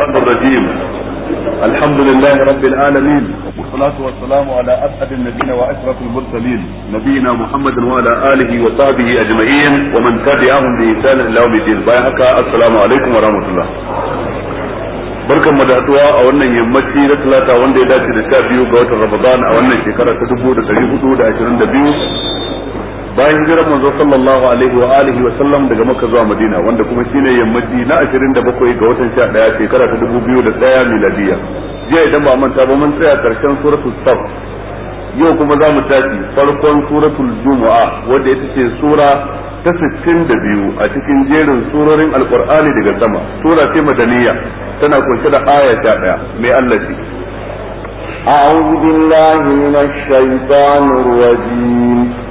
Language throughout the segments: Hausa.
الشيطان الرجيم الحمد لله رب العالمين والصلاة والسلام على أسعد النبيين وأشرف المرسلين نبينا محمد وعلى آله وصحبه أجمعين ومن تبعهم بإحسان إلى يوم الدين بايعك السلام عليكم ورحمة الله barkan mu da haduwa a wannan yammaci na talata wanda ya dace da sha biyu ga watan ramadan a wannan shekara ta dubu da dari hudu da ashirin da biyu bayan hijirar manzo sallallahu alaihi wa alihi wa sallam daga Makka zuwa Madina wanda kuma shine yammaci na 27 ga watan 11 shekara ta 2001 miladiya jiya idan ba manta ba mun tsaya karshen suratul saf yau kuma za mu tafi farkon suratul jumu'a wanda ita ce sura ta 62 a cikin jerin surorin alqur'ani daga sama sura ce madaniya tana kunshe da aya 11 mai Allah ce أعوذ بالله من الشيطان الرجيم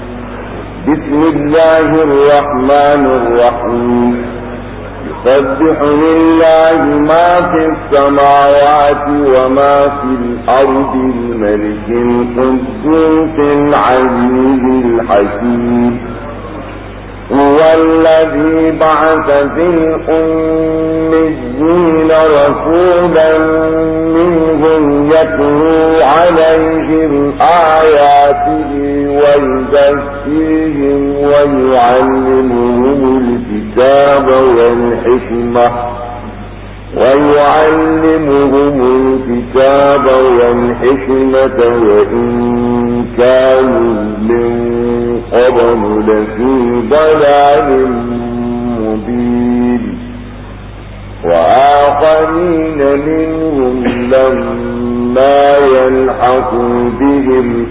بسم الله الرحمن الرحيم يسبح لله ما في السماوات وما في الأرض الملك القدوس العزيز الحكيم هو الذي بعث في الأميين رسولا منهم يتلو عليهم آياته ويزكيهم ويعلمهم الكتاب والحكمة ويعلمهم الكتاب والحكمة وإن كانوا من قبل لفي ضلال مبين وآخرين منهم لما يلحقوا بهم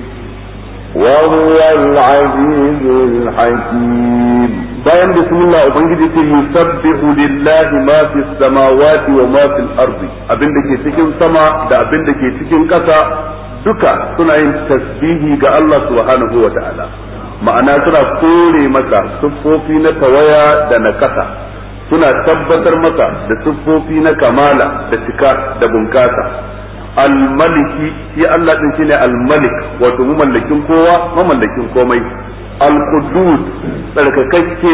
وهو العزيز الحكيم bayan bismillah ubangiji ce yusabbihu lillahi ma fi samawati wa ma fil ardi abin da ke cikin sama da abin ke cikin ƙasa duka suna yin tasbihi ga Allah subhanahu wa ta'ala ma'ana suna kore maka siffofi na tawaya da na kasa suna tabbatar maka da siffofi na kamala da cika da bunkasa al-maliki shi Allah din shine al-malik wato mallakin kowa mallakin komai al-qudud tsarkakakke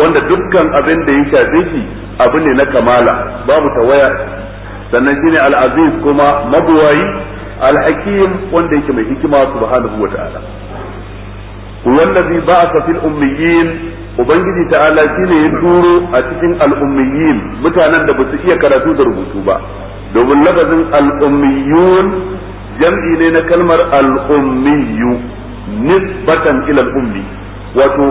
wanda dukkan abin da ya shafe shi abu ne na kamala babu tawaya sannan shine al-aziz kuma mabuwayi al-hakim wanda yake mai hikima subhanahu wa ta'ala wallazi ba'atha fil ummiyin ubangiji ta'ala shine ya turo a cikin al'ummiyin mutanen da basu iya karatu da rubutu ba domin lafazin al'ummiyun jam'i ne na kalmar ni batan ilal ummi. wato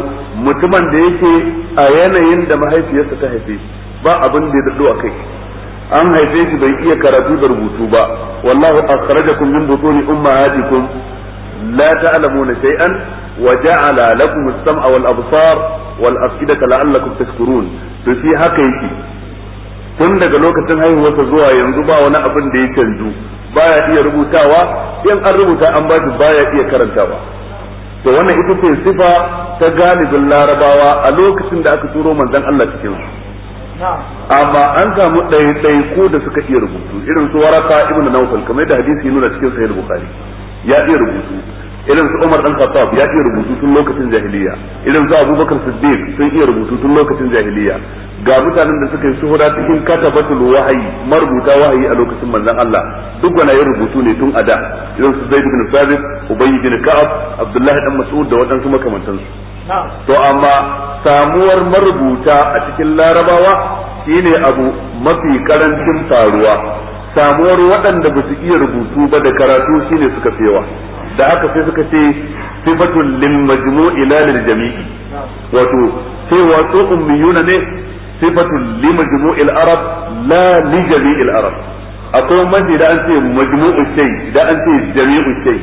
mutumin da yake a yanayin da mahaifiyarsa ta haife ba abin da ya dado a kai an haife shi bai iya karatu da rubutu ba wallahu akhrajakum min butuni ummahatikum la ta'lamuna shay'an wa ja'ala lakum as-sam'a wal absar wal afidata to haka yake tun daga lokacin haihuwarsa zuwa yanzu ba wani abin da ya canju baya iya rubutawa in an rubuta an ba shi baya iya karantawa to wannan ita ce sifa ta galibin larabawa a lokacin da aka turo manzon Allah cikin su amma an samu ko da suka iya rubutu irin su waraka ibn nawfal kamar da hadisi nuna cikin sahih bukhari ya iya rubutu irin su Umar dan Khattab ya iya rubutu tun lokacin jahiliya irin su Abubakar Siddiq sun iya rubutu tun lokacin jahiliya ga mutanen da suka yi suhura cikin katabatul wahayi marubuta wahayi a lokacin manzon Allah duk wani ya rubutu ne tun ada irin su Zaid bin Thabit Ubay bin Ka'ab Abdullahi dan Mas'ud da waɗansu su to amma samuwar marubuta a cikin larabawa shine abu mafi karancin faruwa samuwar waɗanda ba su iya rubutu ba da karatu shine suka fewa da aka sai suka ce sifatul lil majmu'i la lil jami'i wato sai wato ummiyuna ne sifatul lil majmu'il arab la li jami'il arab akwai mafi da an ce majmu'u shay da an ce jami'u shay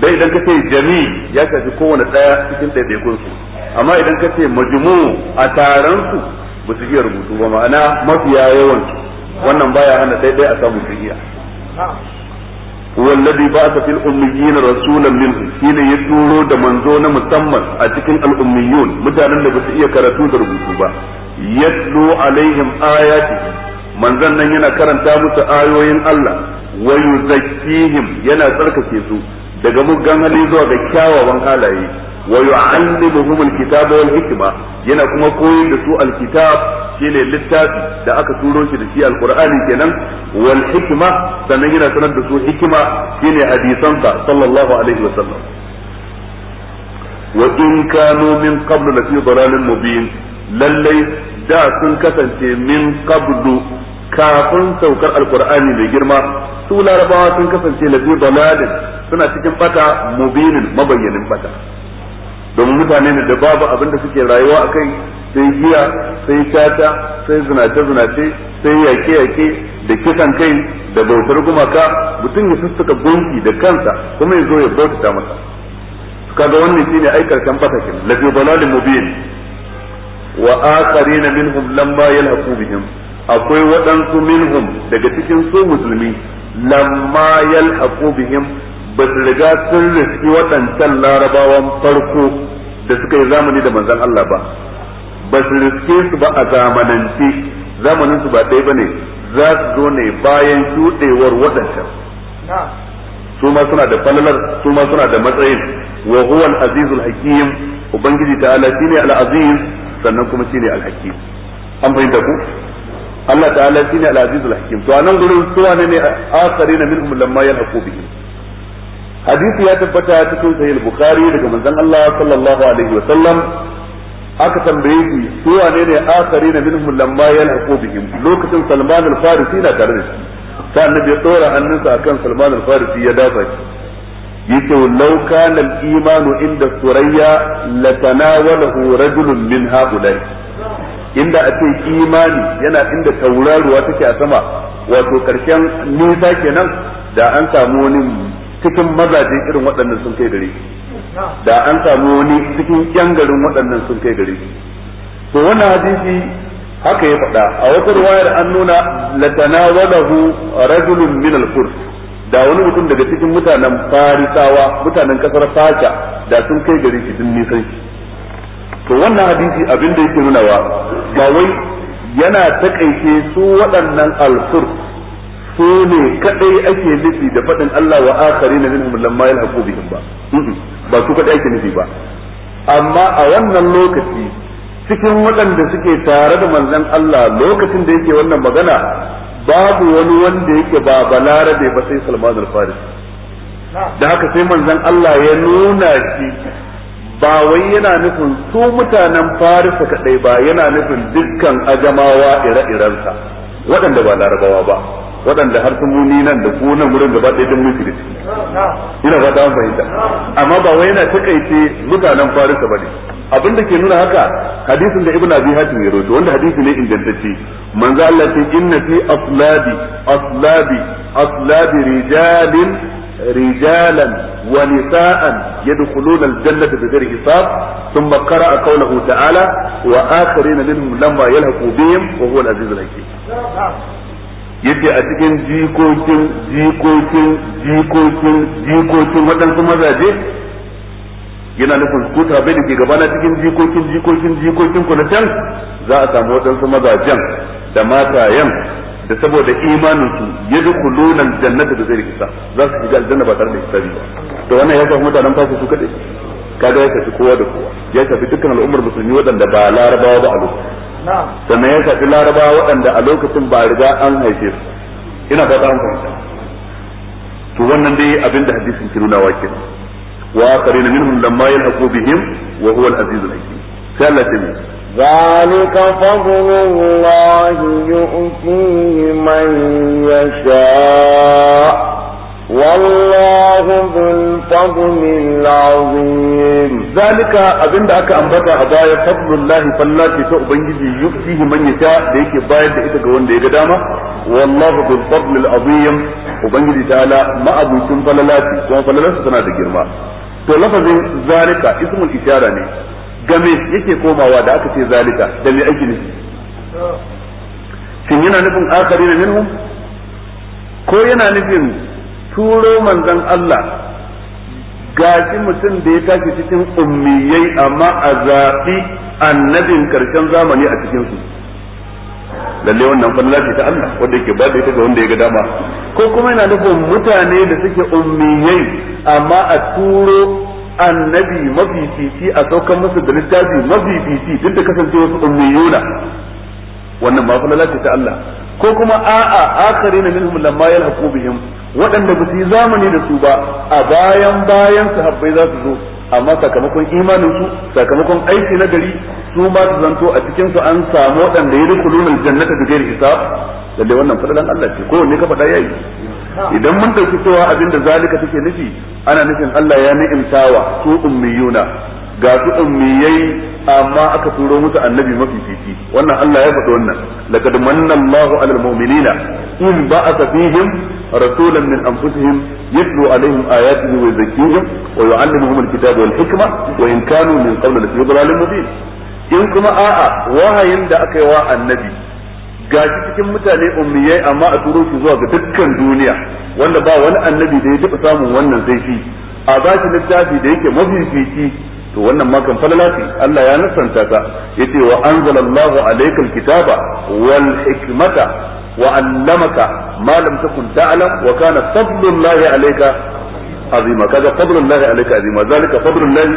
dai idan ka ce jami'i ya shafi kowane daya cikin ɗaiɗaikun su amma idan ka ce majmu' a taron su ba su iya rubutu ba ma'ana mafiya yawan su wannan baya hana dai dai a samu shiriya wallazi ba'atha fil ummiyyin rasulan minhum shine ya turo da manzo na musamman a cikin al-ummiyun mutanen da basu iya karatu da rubutu ba yatlu alaihim ayatihi manzon nan yana karanta musu ayoyin Allah wa yuzakkihim yana tsarkake su daga mugan hali zuwa ga kyawawan halaye wa yu'allimuhum alkitaba wal hikma yana kuma koyar da su alkitab shine littafi da aka turo shi da shi alqur'ani kenan wal hikma sannan yana sanar da su hikima shine hadisansa sallallahu alaihi wasallam wa in kanu min qablu lafi dalalin mubin lallai da sun kasance min qablu kafin saukar alqur'ani mai girma su larabawa sun kasance lafi dalalin suna cikin bata mubinin mabayyanin bata domin mutane ne da babu abin da suke rayuwa a kai sai giya sai tata sai zinace zinace sai yake yake da kisan kai da bautar gumaka mutum ya sassaka gunki da kansa kuma ya zo ya bautata masa kaga wannan shine ai karshen fatakin lafi dalalin mubin wa akharina minhum lamma yalhaqu bihim akwai waɗansu minhum daga cikin su musulmi lamma yalhaqu bihim ba su riga sun riski waɗancan larabawan farko da suka yi zamani da manzan Allah ba ba su riske su ba a zamanance zamanin su ba ɗaya ba ne, za su zo ne bayan shuɗewar waɗancan su ma suna da falalar su ma suna da matsayin wa huwa al-azizul hakim ubangiji ta'ala shine al-aziz sannan kuma shine al-hakim an fahimta ku Allah ta'ala shine al-azizul hakim to anan gurin suwa ne ne akharina minhum lamma yalhaqu bihi hadisi ya tabbata cikin sahih bukhari daga manzon Allah sallallahu alaihi wa sallam aka tambaye shi su wane ne akari na minhum lamma yalhaqu bihim lokacin Salman al-Farisi na tare da shi sai annabi ya dora hannunsa akan Salman al-Farisi ya dafa shi yace law kana al-imanu inda surayya latanawalahu rajulun min haulai inda a ce imani yana inda tauraruwa take a sama wato karshen nisa kenan da an samu wani cikin mazaje irin waɗannan sun kai gare da an samu wani cikin yan garin waɗannan sun kai gare to wannan hadisi haka ya faɗa a wata ruwayar an nuna latanawalahu rajulun min al-furs da wani mutum daga cikin mutanen farisawa mutanen kasar fasha da sun kai gare shi din nisan shi to wannan hadisi abin da yake nunawa ba wai yana takaice su waɗannan al-furs su ne kadai ake nufi da faɗin Allah wa akari na minhum lamma yalhaqu bihim ba ba su kadai ake nufi ba amma a wannan lokaci cikin waɗanda suke tare da manzon Allah lokacin da yake wannan magana babu wani wanda yake ba balarabe ba sai Salman al-Farisi da haka sai manzon Allah ya nuna shi ba wai yana nufin su mutanen Farisa kadai ba yana nufin dukkan ajamawa ire-irensa waɗanda ba larabawa ba waɗanda har sun muni nan da su nan gudun da ba ɗaya ɗin mulki ina ba ta fahimta amma ba wai yana takaice mutanen farisa ba ne abin da ke nuna haka hadisin da ibnu abi hatim ya rawaito wanda hadisi ne ingantacce manzo Allah ce inna fi asladi asladi asladi rijalin rijalan wa nisa'an yadkhuluna aljannata bighairi hisab thumma qara'a qawluhu ta'ala wa akhirina minhum lamma yalhaqu bihim wa huwa alaziz alhakim yace a cikin jikokin jikokin jikokin jikokin waɗansu mazaje yana nufin ko tabe da ke gabana cikin jikokin jikokin jikokin ku na can za a samu waɗansu mazajen da matayen da saboda imanin su ya dukuluna jannata da zai rikisa za su shiga aljanna ba tare da hisabi ba to wannan ya shafi mutanen fasu su kaɗai kaga ya shafi kowa da kowa ya shafi dukkan al'ummar musulmi waɗanda ba larabawa ba a lokacin sannan ya shafi laraba waɗanda a lokacin ba riga an haife su ina ta an fahimta to wannan dai abin da hadisin ke nuna wake wa akharina minhum lamma yalhaqu bihim wa huwa al-aziz al-hakim sai Allah ya ذلك فضل الله يؤتيه من يشاء والله ذو الفضل العظيم ذلك abinda aka ambata a baya fadlullahi fallati ta ubangiji yuftihi man yasha da yake bayar da ita ga wanda ya ga dama wallahu bil fadl al azim ubangiji ta'ala ma abucin falalati kuma falalati tana da girma to lafazin zalika ismul ishara ne game yake komawa da aka ce zalika da me ake nufi shin yana nufin akharina minhum ko yana nufin turo manzon Allah shi mutum da ya tashi cikin ummiyai amma a zaɓi annabin karshen zamani a cikin su lalle wannan falla ce ta Allah wanda yake bada ita ga wanda ya ga dama ko kuma yana nufin mutane da suke ummiyai amma a turo annabi mafifici a saukan musu da littafi mafi mafifici duk da kasance wasu ummiyuna wannan ma falla ce ta Allah ko kuma a'a akharina minhum lamma yalhaqu bihim waɗanda ba su yi zamani da su ba a bayan bayan sahabbai za su zo amma sakamakon imanin su sakamakon aiki na gari su ma su zanto a cikin su an samu waɗanda ya dukulun aljannata da gairi hisab lalle wannan fadalan Allah ce ko ne ka faɗa yayi idan mun dauki cewa abin da zalika take nufi ana nufin Allah ya ni'imtawa su ummiyuna ga su ummiyai amma aka turo musu annabi mafi fifi wannan Allah ya faɗi wannan laqad manna Allahu 'alal mu'minina in ba'atha fihim رسولا من انفسهم يتلو عليهم اياته ويزكيهم ويعلمهم الكتاب والحكمه وان كانوا من قبل لفي ضلال مبين in kuma a'a wahayin da aka yi wa annabi ga shi cikin mutane ummiyai amma a turo zuwa ga dukkan duniya wanda ba wani annabi da ya taɓa samun wannan saifi. a ba shi littafi da yake mafifici to wannan ma kan falalafi Allah ya nasanta ya yace wa anzalallahu alaikal kitaba wal hikmata وعلمك ما لم تكن تعلم وكان فضل الله عليك عظيما كذا فضل الله عليك عظيما ذلك فضل الله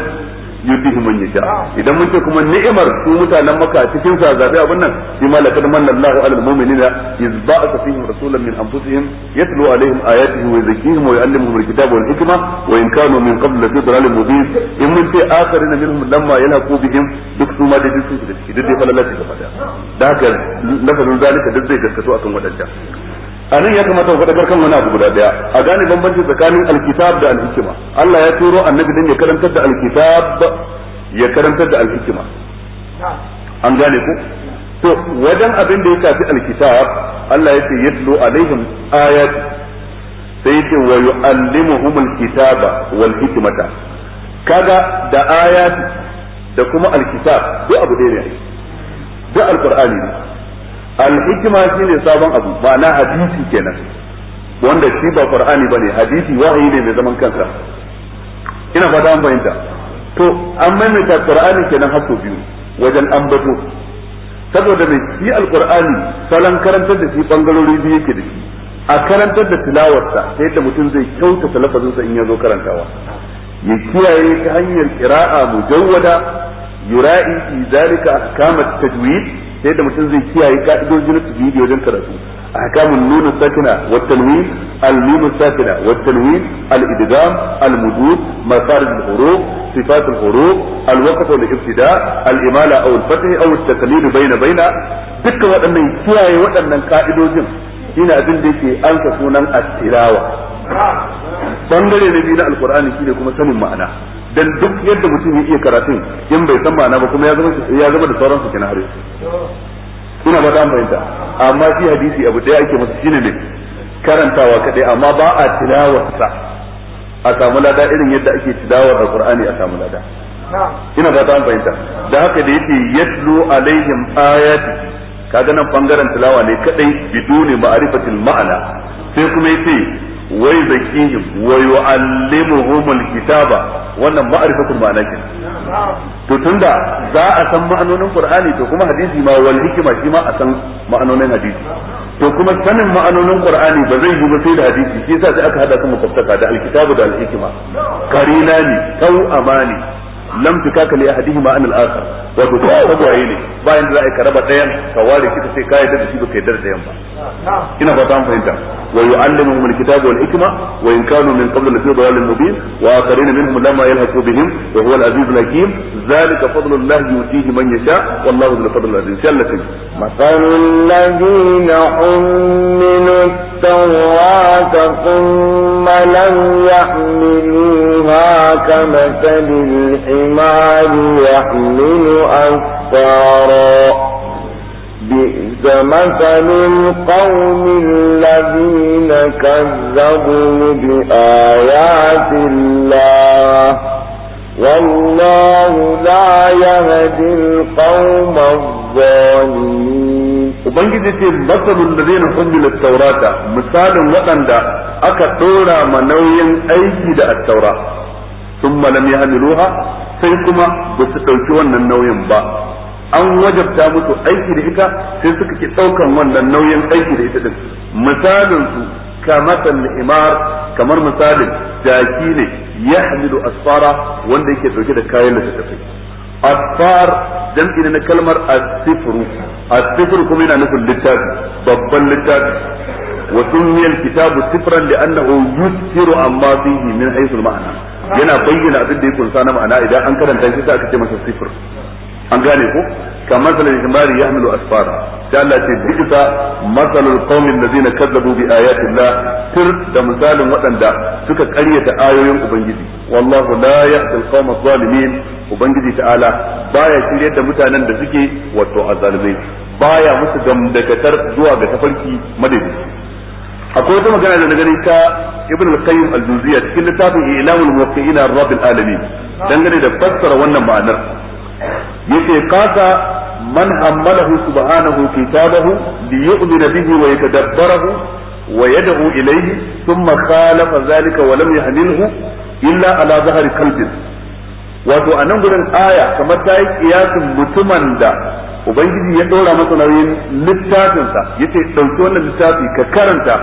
yutihi man yasha idan mun ce kuma ni'imar su mutanen maka cikin sa zabi abin nan shi ma laqad manna alal mu'minina iz ba'atha fihim rasulan min anfusihim yatlu alaihim ayatihi wa yuzakkihim wa yu'allimuhum alkitaba wal hikma wa in kanu min qabl fi dhalalin mubin in mun ce akharina minhum lamma yalhaqu bihim duk su ma da su da duk dai falalati gaba da haka lafazin zalika duk zai gaskato akan wadannan a nan ya kamata ku fadakar kan wani abu guda daya a gane bambanci tsakanin alkitab da alhikima Allah ya turo annabi dan ya karantar da alkitab ya karantar da alhikima an gane ku to wajen abin da ya tafi alkitab Allah ya ce yatlu alaihim ayat sai ya ce wa yu'allimuhum alkitaba wal hikmata kaga da ayat da kuma alkitab duk abu ɗaya ne duk alqur'ani ne al shi shine sabon abu ba na hadisi kenan wanda shi ba qur'ani bane hadisi wahayi ne mai zaman kansa ina fata an fahimta to an maimaita qur'ani kenan har biyu wajen ambato saboda mai shi alqur'ani salon karantar da shi bangarori biyu yake da shi a karantar da tilawarsa ta yadda mutum zai kyautata sa in ya zo karantawa ya kiyaye ta hanyar qira'a mujawwada yura'i fi zalika ahkamat tajwid sai da mutum zai kiyaye ka'idojin da su yi wajen karatu ahkamun nunu sakina wa al nunu sakina wa tanwin al idgham al mudud masarij al huruf sifat al huruf al al imala aw al fath aw al taqlid bayna bayna waɗannan kiyaye waɗannan ka'idojin ina abin da yake anka sunan at-tilawa bangare biyu na alqur'ani shine kuma sanin ma'ana dan duk yadda mutum ya iya karatun in bai san ma'ana ba kuma ya zama ya zama da sauransu kina har ina ba ta fahimta amma shi hadisi abu daya ake masa shine ne karantawa kadai amma ba a tilawarsa a samu lada irin yadda ake tilawar alqur'ani a samu lada ina ba ta fahimta da haka da yake yatlu alaihim ayati kaga nan bangaren tilawa ne kadai biduni ma'rifatil ma'ana sai kuma yace wa yuzakkihim wa yu'allimuhum kitaba wannan ma'rifatul ma'ana kin to tunda za a san ma'anonin qur'ani to kuma hadisi ma wal hikima shi ma a san ma'anonin hadisi to kuma sanin ma'anonin qur'ani ba zai yi ba sai da hadisi shi yasa sai aka hada su mukaffaka da alkitabu da alhikima karina ne kau amani lam tukaka li ahadihima an al-akhar wato ko ragwaye ne bayan da za a karaba dayan ka ware ki sai ka yarda da shi ba kai da dayan ba ina fata an fahimta wa yu'allimuhum al-kitaba wal hikma wa in kanu min qabl lafi dhalalin mubin wa akharin minhum lamma yalhaqu bihim wa huwa al-aziz al-hakim dhalika fadlu Allah yutihi man yasha wallahu dhul fadl مثل الذين حملوا التوراة ثم لم يحملوها كمثل الحمار الْمَالِ يَحْمِلُ أَسْفَارًا بئس مثل القوم الذين كذبوا بآيات الله والله لا يهدي القوم الظالمين Ubangiji ce matsalin da zai nufin taurata misalin waɗanda aka ɗora ma nauyin aiki da attaura sun malam ya sai kuma ba su ɗauki wannan nauyin ba an wajabta musu aiki da ita sai suka ki ɗaukan wannan nauyin aiki da ita din misalin su kamatan imar kamar misalin jaki ne ya hamilu asfara wanda yake ɗauke da kayan da suka asfar jam'i ne na kalmar asifru asifru kuma yana nufin littafi babban littafi wa sunniyal kitabu sifran li'annahu yusiru amma fihi min haythu al-ma'na yana bayyana abin da ya kunsa na ma'ana idan an karanta shi sai aka ce masa sifir an gane ko kamar masalin himari ya hamilu asfara sai Allah ce bisa masalul qaumin ladina kazzabu bi ayatillah tir da misalin waɗanda suka karyata ayoyin ubangiji wallahu la yahdi alqawma zalimin ubangiji ta'ala baya shiryar da mutanen da suke wato azalimai baya musu gamdakatar zuwa ga tafarki madaidaici akwai wata magana da nagari ta ibn al-qayyim al-juziyya cikin littafin ilamul muwaqqi'in ar-rabbil alamin dangane da fassara wannan ma'anar yace kasa man hammalahu subhanahu kitabahu li yu'mina bihi wa yatadabbarahu wa yad'u ilayhi thumma khalafa dhalika wa lam yahmilhu illa ala zahri qalbin wato anan gurin aya kamar ta yi kiyasin mutumin da ubangiji ya dora masa nauyin littafinsa yace dauki wannan littafi ka karanta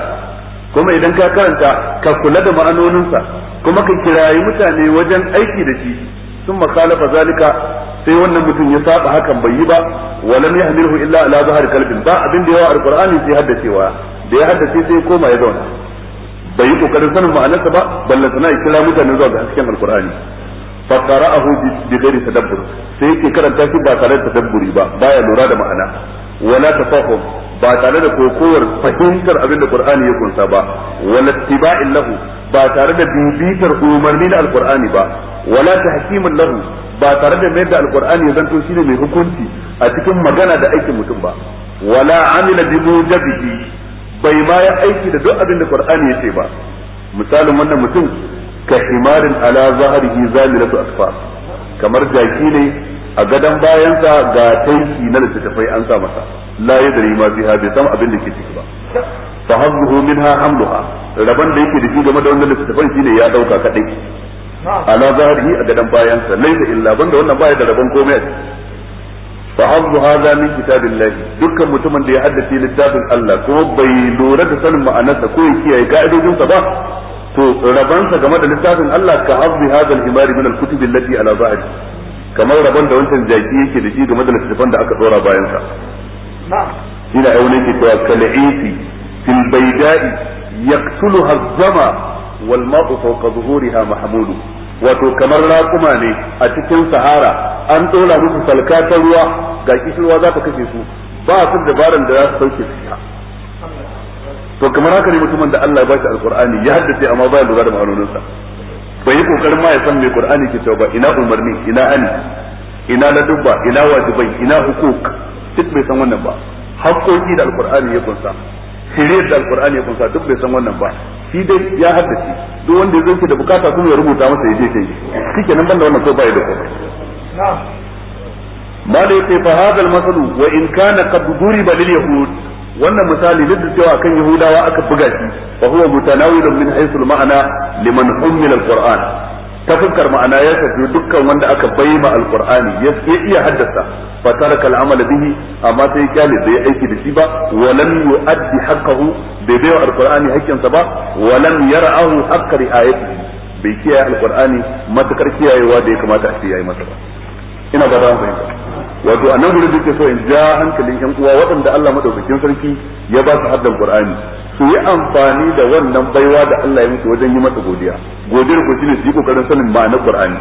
kuma idan ka karanta ka kula da ma'anoninsa kuma ka kirayi mutane wajen aiki da shi sun makalafa zalika sai wannan mutum ya saba hakan bai yi ba walam yahmilhu illa ala har kalbin ba abin da yawa alqur'ani sai haddacewa da ya haddace sai koma ya zauna bai yi kokarin sanin ma'anarsa ba sana ya kira mutane zuwa ga hasken alqur'ani fa qara'ahu bi ghairi tadabbur sai yake karanta shi ba tare da tadabburi ba baya lura da ma'ana wala tafahum ba tare da kokowar fahimtar abin da Qur'ani ya kunsa ba wala tiba'in lahu ba tare da bibitar umarni na alqur'ani ba wala ta tahkimin lahu ba tare da mayar da alqur'ani ya zanto shine mai hukunci a cikin magana da aikin mutum ba wala amila bi mujabihi bai maya aiki da duk abin da Qur'ani ya ce ba misalin wannan mutum ka himarin ala zahrihi zamilatu asfar kamar jaki ne a gadan bayansa ga tanki na da littattafai an sa masa la yadri ma fiha bai san abin da ke ciki ba fa hazzuhu minha hamluha raban da yake da shi game da wannan littattafan shine ya dauka kadai ala zahrihi a gadan bayansa laisa illa banda wannan baya da raban komai fa hazzu hadha min kitabillahi dukkan mutumin da ya haddace littafin Allah ko bai lura da sanin ma'anarsa ko ya kiyaye ka'idojinsa ba to rabansa game da littafin Allah ka azbi hadal himari min al-kutub allati ala ba'd kamar rabon da wancan jaki yake da shi game da littafin da aka dora bayan sa ina ai wani ke cewa kal'ifi fil bayda'i yaqtuluha az-zama wal ma'u fawqa zuhuriha mahmudu wato kamar raƙuma ne a cikin sahara an dora musu salka ta ruwa ga kishirwa za ta kashe su ba su dabaran da za su sauke su to kamar haka ne mutumin da Allah ya bashi alqur'ani ya haddace amma ba lura da ma'anonin sa bai yi kokarin ma ya san me qur'ani ke cewa ba ina umarni ina ani ina ladubba ina wajibai ina hukuk duk bai san wannan ba haƙƙoƙi da alqur'ani ya kunsa shirye da alqur'ani ya kunsa duk bai san wannan ba shi dai ya haddace duk wanda ya zo da bukata kuma ya rubuta masa ya je kai shikenan banda wannan ko bai da komai ما ليس فهذا المثل وإن كان قد ضرب لليهود wannan misali duk da cewa akan yahudawa aka buga shi fa huwa mutanawilun min haythu ma'ana liman ummila Al-Qur'an, fuskar ma'ana ya tafi dukkan wanda aka bayyana qurani ya iya haddasa fa taraka amala bihi amma sai kyale bai aiki da shi ba wa lam yu'addi haqqahu bai bayyana alqur'ani haƙƙinsa ba wa lam yar'ahu haqqa ri'ayatihi bai kiyaye alqur'ani matakar kiyayewa da ya kamata a ce yayi masa ba ina ba za mu fahimta wato a nan gurin da ke so in ja hankalin yan uwa waɗanda Allah madaukakin sarki ya ba su haddan Qur'ani su yi amfani da wannan baiwa da Allah ya musu wajen yi masa godiya godiyar ku shine su yi kokarin sanin ma'anar Qur'ani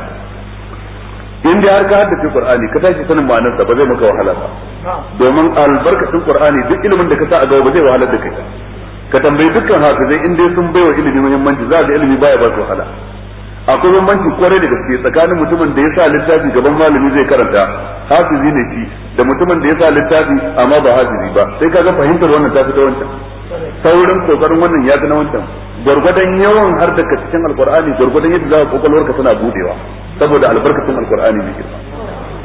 in dai har ka haddace Qur'ani ka tashi sanin ma'anarsa ba zai maka wahala ba domin albarkacin Qur'ani duk ilimin da ka sa a gaba ba zai wahalar da kai ka tambayi dukkan hafizai in dai sun baiwa ilimi muhimmanci za ga ilimi baya ba su wahala akwai bambanci kwarai da gaske tsakanin mutumin da ya sa littafi gaban malami zai karanta hafizi ne shi da mutumin da ya sa littafi amma ba hafizi ba sai kaga fahimtar wannan ta fita wancan saurin kokarin wannan ya fi na wancan gwargwadon yawan har da ka cikin alkur'ani gwargwadon yadda za ka kokolwarka tana budewa saboda albarkacin alkur'ani ne girma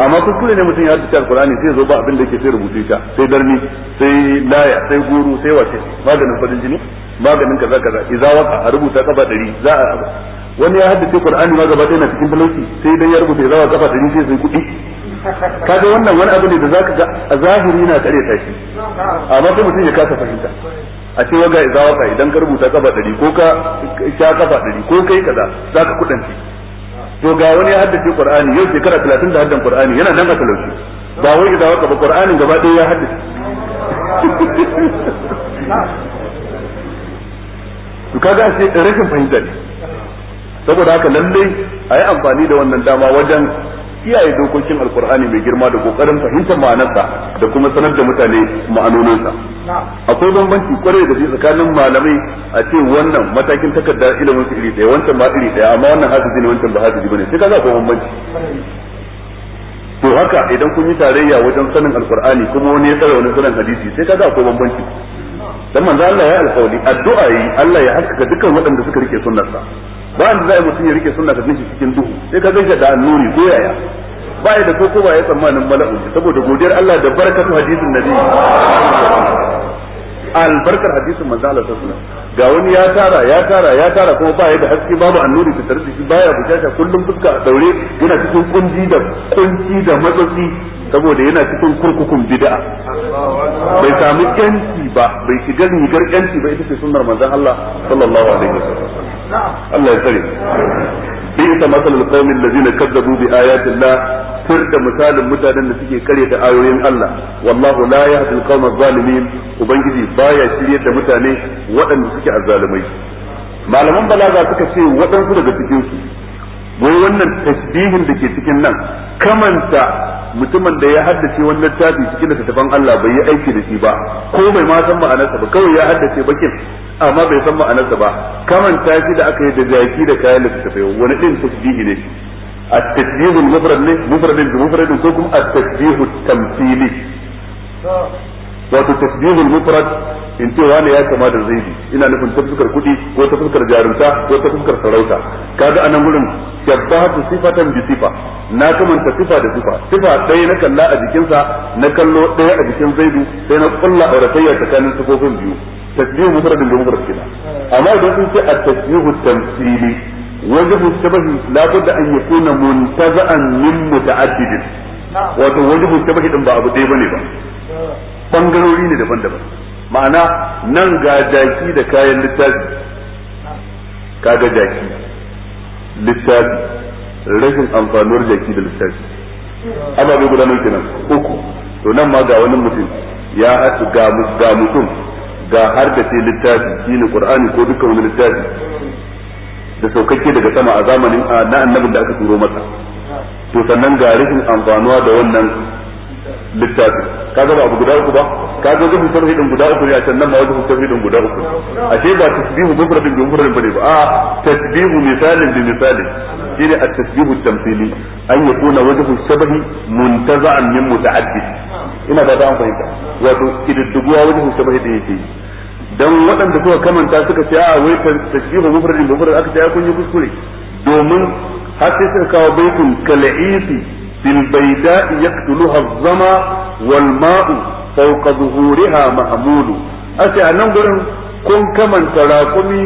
amma kuskure ne mutum ya haddace alkur'ani sai zo ba abin da yake sai rubuce ta sai darni sai laya sai guru sai wace maganin farin jini maganin kaza kaza idza waka a rubuta kafa 100 za a wani ya haddace qur'ani ma gaba ɗaya na cikin talauci sai dan ya rubuta zawa kafa da sai sai kuɗi kaga wannan wani abu ne da zaka ga a zahiri na kare ta shi amma sai mutum ya kasa fahimta a ce waga izawa waka idan ka rubuta kafa ɗari ko ka sha kafa ɗari ko kai kaza zaka shi to ga wani ya haddace qur'ani yau shekara 30 da haddan qur'ani yana nan a talauci ba wai idan waka ba qur'anin gaba ɗaya ya haddace to kaga sai rashin fahimta ne saboda haka lallai a yi amfani da wannan dama wajen kiyaye dokokin alkur'ani mai girma da kokarin fahimtar ma'anarsa da kuma sanar da mutane ma'anoninsa akwai bambanci kwarai da tsakanin malamai a ce wannan matakin takarda ilimin su iri daya wancan ba iri daya amma wannan hadisi ne wancan ba hadisi bane sai kaga akwai bambanci to haka idan kun yi tarayya wajen sanin alkur'ani kuma wani ya tsara wani sanin hadisi sai kaga akwai bambanci dan manzo Allah ya alƙawari addu'a yi Allah ya haskaka dukkan waɗanda suka rike sunnarsa ba wanda za a mutum ya rike sunna ka ganshi cikin duhu sai ka ganshi da annuri ko yaya ba ya da ko ko ba ya tsammanin bala'u saboda godiyar Allah da barkatu hadisin nabi albarkar hadisin manzo Allah sallallahu alaihi wasallam ga wani ya tara ya tara ya tara kuma ba ya da haske babu annuri ta tare da shi baya bukata kullum fuska a daure yana cikin kunji da kunci da matsatsi saboda yana cikin kurkukun bid'a bai samu yanci ba bai shiga rigar yanci ba ita ce sunnar manzon Allah sallallahu alaihi wasallam Allah ya tsare bi ita masalul da zina kaddabu bi ayati la fir da misalin mutanen da suke kare da ayoyin Allah wallahu la ya al-qawma zalimin ubangiji baya shirye da mutane waɗanda suke azzalumai malaman balaga suka ce waɗansu daga cikinsu wai wannan tasbihin da ke cikin nan kamanta mutumin da ya haddace wannan littafi cikin littattafan Allah bai yi aiki da shi ba ko bai ma san ma'anarsa ba kawai ya haddace bakin amma bai san ma'anarsa ba kamanta shi da aka yi da zaki da kayan littattafai wani din tasbihi ne at-tasbihul mufrad ne mufradin bi mufradin ko kuma at-tasbihut tamthili wato tasbihul mufrad in ce wani ya kama da zaidi ina nufin ta fuskar kuɗi ko ta fuskar jarumta ko ta fuskar sarauta kaga anan gurin shabbahatu sifatan bi sifa na kamanta sifa da sifa sifa ɗaya na kalla a jikinsa na kallo ɗaya a jikin zaidu sai na kulla auratayya tsakanin sifofin biyu tasbihu mufradin da mufrad kenan amma idan sun ce at-tasbihu tamthili wajhu shabahi la budda an yakuna muntaza'an min muta'addidin wato wajhu shabahi din ba abu ɗaya bane ba bangarori ne daban-daban ma'ana nan ga jaki da kayan littafi kaga jaki littafi rashin amfanuwar jaki da littafi ababe guda nan uku to nan ma ga wani mutum ya haɗu ga mutum ga har da sai littafi ne ƙur'ani ko duka wani littafi da saukakke daga sama a zamanin na annabin da aka turo masa to sannan ga rashin amfanuwa da wannan littafin kaga ba abu guda uku ba kaga wajen tauhidin guda uku ne a can nan ma wajen tauhidin guda uku a ce ba tasbihu mufradin bi mufradin bane ba a tasbihu misalin bi misalin shine at tasbihu tamthili an yakuna wajhu shabahi muntaza'an min muta'addid ina ba ta an fahimta wato kididduguwa wajhu shabahi da yake dan waɗanda suka kamanta suka ce a wai tasbihu mufradin bi mufradin aka ce kun yi kuskure domin har sai suka kawo baitun kal'isi bil bayda'i yaqtuluha az-zama wal ma'u fawqa A mahmulu ace anan gurin kun raƙumi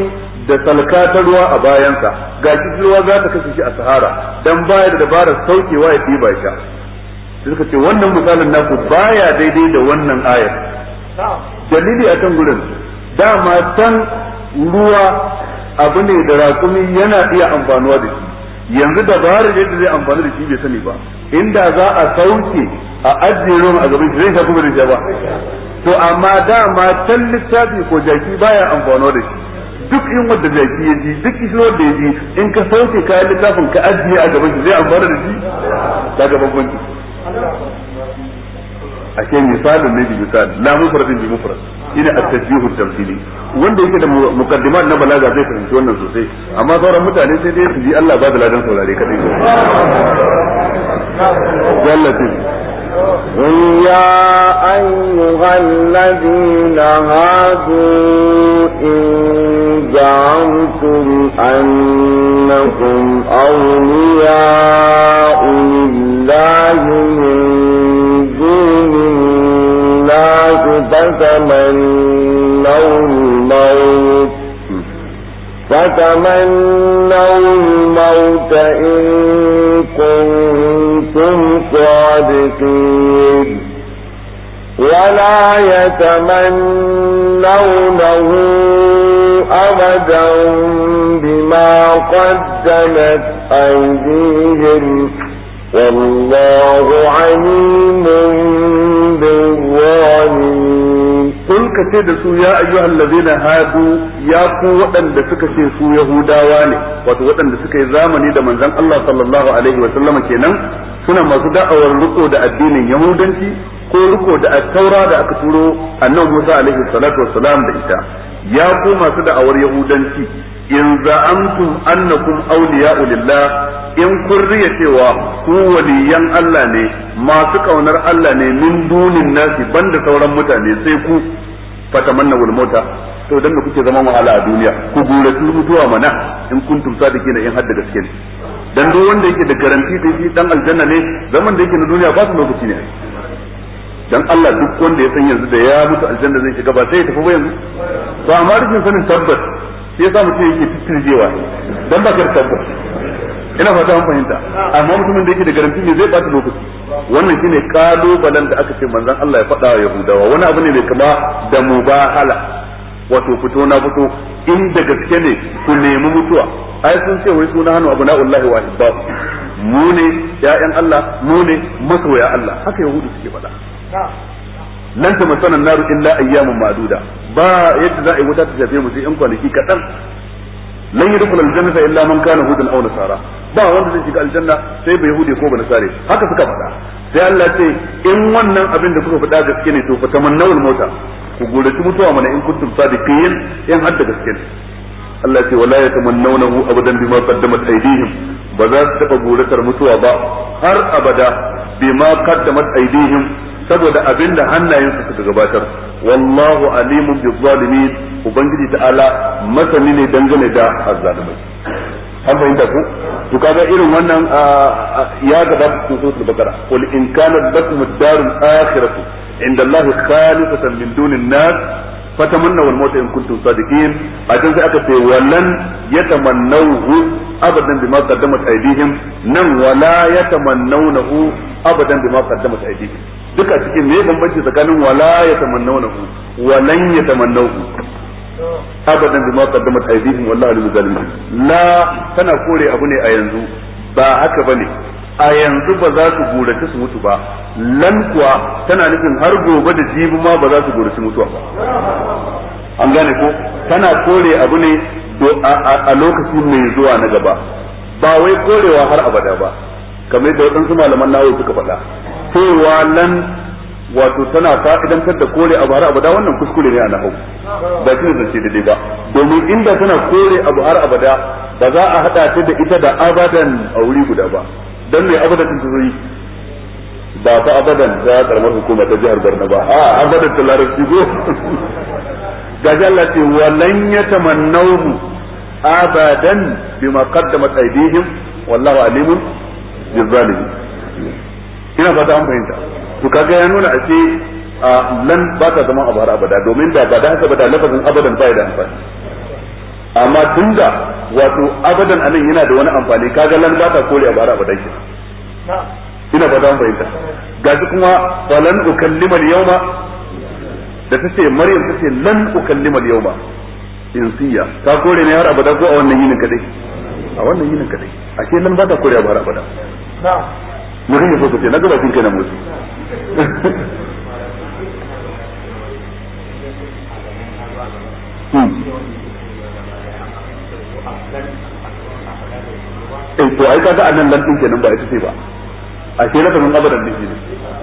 da salka ta ruwa a bayansa ga shi ruwa za ta kashe shi a sahara dan baya da dabarar saukewa ya ɗiba shi suka ce wannan misalin naku baya daidai da wannan ayar dalili akan gurin dama tan ruwa abu ne da rakumi yana iya amfanuwa da shi yanzu dabarar yadda zai amfani da shi bai sani ba inda za a sauke a ajiye ruwan a gaban shi zai shafi bai sha ba to amma dama can littafi ko jaki baya amfano da shi duk in wanda jaki ya ji duk kishiro da ya ji in ka sauke kayan littafin ka ajiye a gaban shi zai amfani da shi gaban babban ashe misalun ne bi misal la mufradin bi mufrad ina at-tajbihu tamthili wanda yake da muqaddimat na balaga zai fahimci wannan sosai amma sauran mutane sai dai su ji Allah ba da ladan saurare kadai jallatin قل يا أيها الذين هادوا إن زعمتم أنكم أولياء لله من فتمنوا الموت فتمنوا الموت إن كنتم صادقين ولا يتمنونه أبدا بما قدمت أيديهم والله عليم suka ce da su ya ayyuhal ladina hadu ya ku waɗanda suka ce su yahudawa ne wato waɗanda suka yi zamani da manzon Allah sallallahu alaihi wa sallama kenan suna masu da'awar riko da addinin yahudanci ko riko da taura da aka turo annabi Musa alaihi salatu wassalam da ita ya ku masu da'awar yahudanci in za'amtum annakum awliya'u lillah in kun riya cewa ku waliyan Allah ne masu kaunar Allah ne min dunin nasi banda sauran mutane sai ku wal mauta to dan da kuke zaman wahala a duniya ku tun mutuwa mana in kuntum sadiqina in hadda gaske ne dan duk wanda yake da garanti da shi dan aljanna ne zaman da yake na duniya ba su lokaci ne dan Allah duk wanda ya san yanzu da ya mutu aljanna zai shiga ba sai ya tafi ba yanzu to amma rikin sanin tabbas sai samu mutum yake titirjewa dan ba ka tabbas ina fata an fahimta amma mutumin da yake da garanti ne zai bata lokaci wannan shine kalubalen da aka ce manzon Allah ya faɗa wa Yahudawa wani abu ne mai kama da mubahala wato fito na fito in da gaske ne ku nemi mutuwa ai sun ce wai suna hannu abuna ullahi wa hibbahu mu ne ya'yan Allah mu ne masoya Allah haka yahudu suke faɗa lan ta masana naru illa ayyamun maduda ba yadda za a yi wuta ta mu sai in kwanaki kaɗan lan yadkhul aljannata illa man kana hudan aw nasara ba wanda zai shiga aljanna sai bai hude ko ba nasare haka suka faɗa sai Allah ce in wannan abin da kuka faɗa gaske ne to fa tamannawul mota ku gurace mutuwa mana in kuntum sadiqin in hadda gaske ne Allah ce wala yatamannawnahu abadan bima qaddamat aydihim ba za su taba guratar mutuwa ba har abada bima qaddamat aydihim saboda abin da hannayen su suka gabatar wallahu alimun bi zalimin ubangiji ta'ala masani ne dangane da azzalimai an fahimta ku to kaga irin wannan ya gaba cikin suratul baqara qul in kana lakum ad-darul akhiratu inda allahi khalisatan min dunin nas fatamanna wal mauta in kuntum sadiqin a dan sai aka ce walan yatamannawhu abadan bima qaddamat aydihim nan wala ya yatamannawnahu abadan bima qaddamat aydihim duka cikin me bambanci tsakanin wala ya yatamannawnahu walan yatamannawhu abadan bima qaddamat aydihim wallahu alim zalimin la tana kore abu ne a yanzu ba haka bane a yanzu ba za su gurace su mutu ba lan kuwa tana nufin har gobe da jibi ma ba za su gurace mutuwa ba an gane ko tana kore abu ne a lokaci mai zuwa na gaba ba wai korewa har abada ba kamar da waɗansu malaman nawo suka faɗa cewa lan wato tana fa'idantar da kore abu har abada wannan kuskure ne a nahau ba shi ne zance daidai ba domin inda tana kore abu har abada ba za a haɗa ta da ita da abadan a wuri guda ba dan ne abadan ta zai ba ta abadan ta karamar hukuma ta jihar Borno ba a abadan ta larabci go ga Allah ce lan yatamannahu abadan bima qaddamat aydihim wallahu alimun bizzalimin ina fata an fahimta to kaga ya nuna a ce lan ba ta zama a bara abada domin da ba da haka ba da lafazin abadan ba ya da amfani amma tunda wato abadan anan yana da wani amfani kaga lan ba ta kore a bara abadan shi ina ba dan bayyana gaji kuma falan ukallima al-yawma da tace maryam tace lan ukallima al in insiya ta kore ne har abada ko a wannan yinin kadai a wannan yinin kadai ce lan ba ta kore a bara abada mutum ya so ce na gaba sun kai na motsi Hmm. eh to ai kaga anan nan din kenan ba ita ce ba ashe na kaman abadan din ne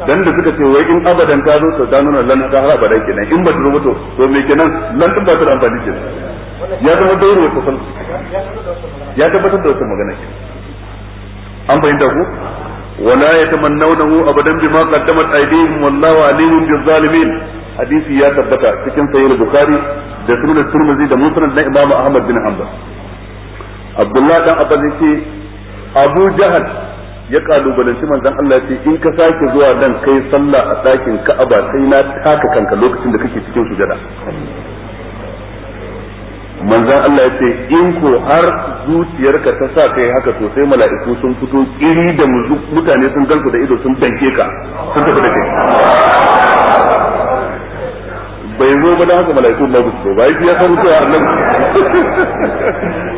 dan da suka ce wai in abadan ka zo to ta nan lan ta har abada kenan in ba ta rubuto to me kenan lan din ba ta da amfani kenan ya zama dauro ta san ya tabbatar da wata magana kenan an bayyana ku wala yatamannawu abadan bima qaddamat aydihim wallahu alimun bil zalimin hadisi ya tabbata cikin sahih bukhari da sunan turmizi da musnad na imam ahmad bin hanbal abdullah dan abbas yace abu jahal ya kalubalanci manzon Allah yace in ka sake zuwa dan kai sallah a dakin ka'aba sai na taka kanka lokacin da kake cikin sujada manzon Allah ce in ko har zuciyarka ta sa kai haka to sai mala'iku sun fito iri da mutane sun galku da ido sun danke ka sun tafi da kai bai zo ba da haka mala'iku ba su ba yi ya san cewa annabi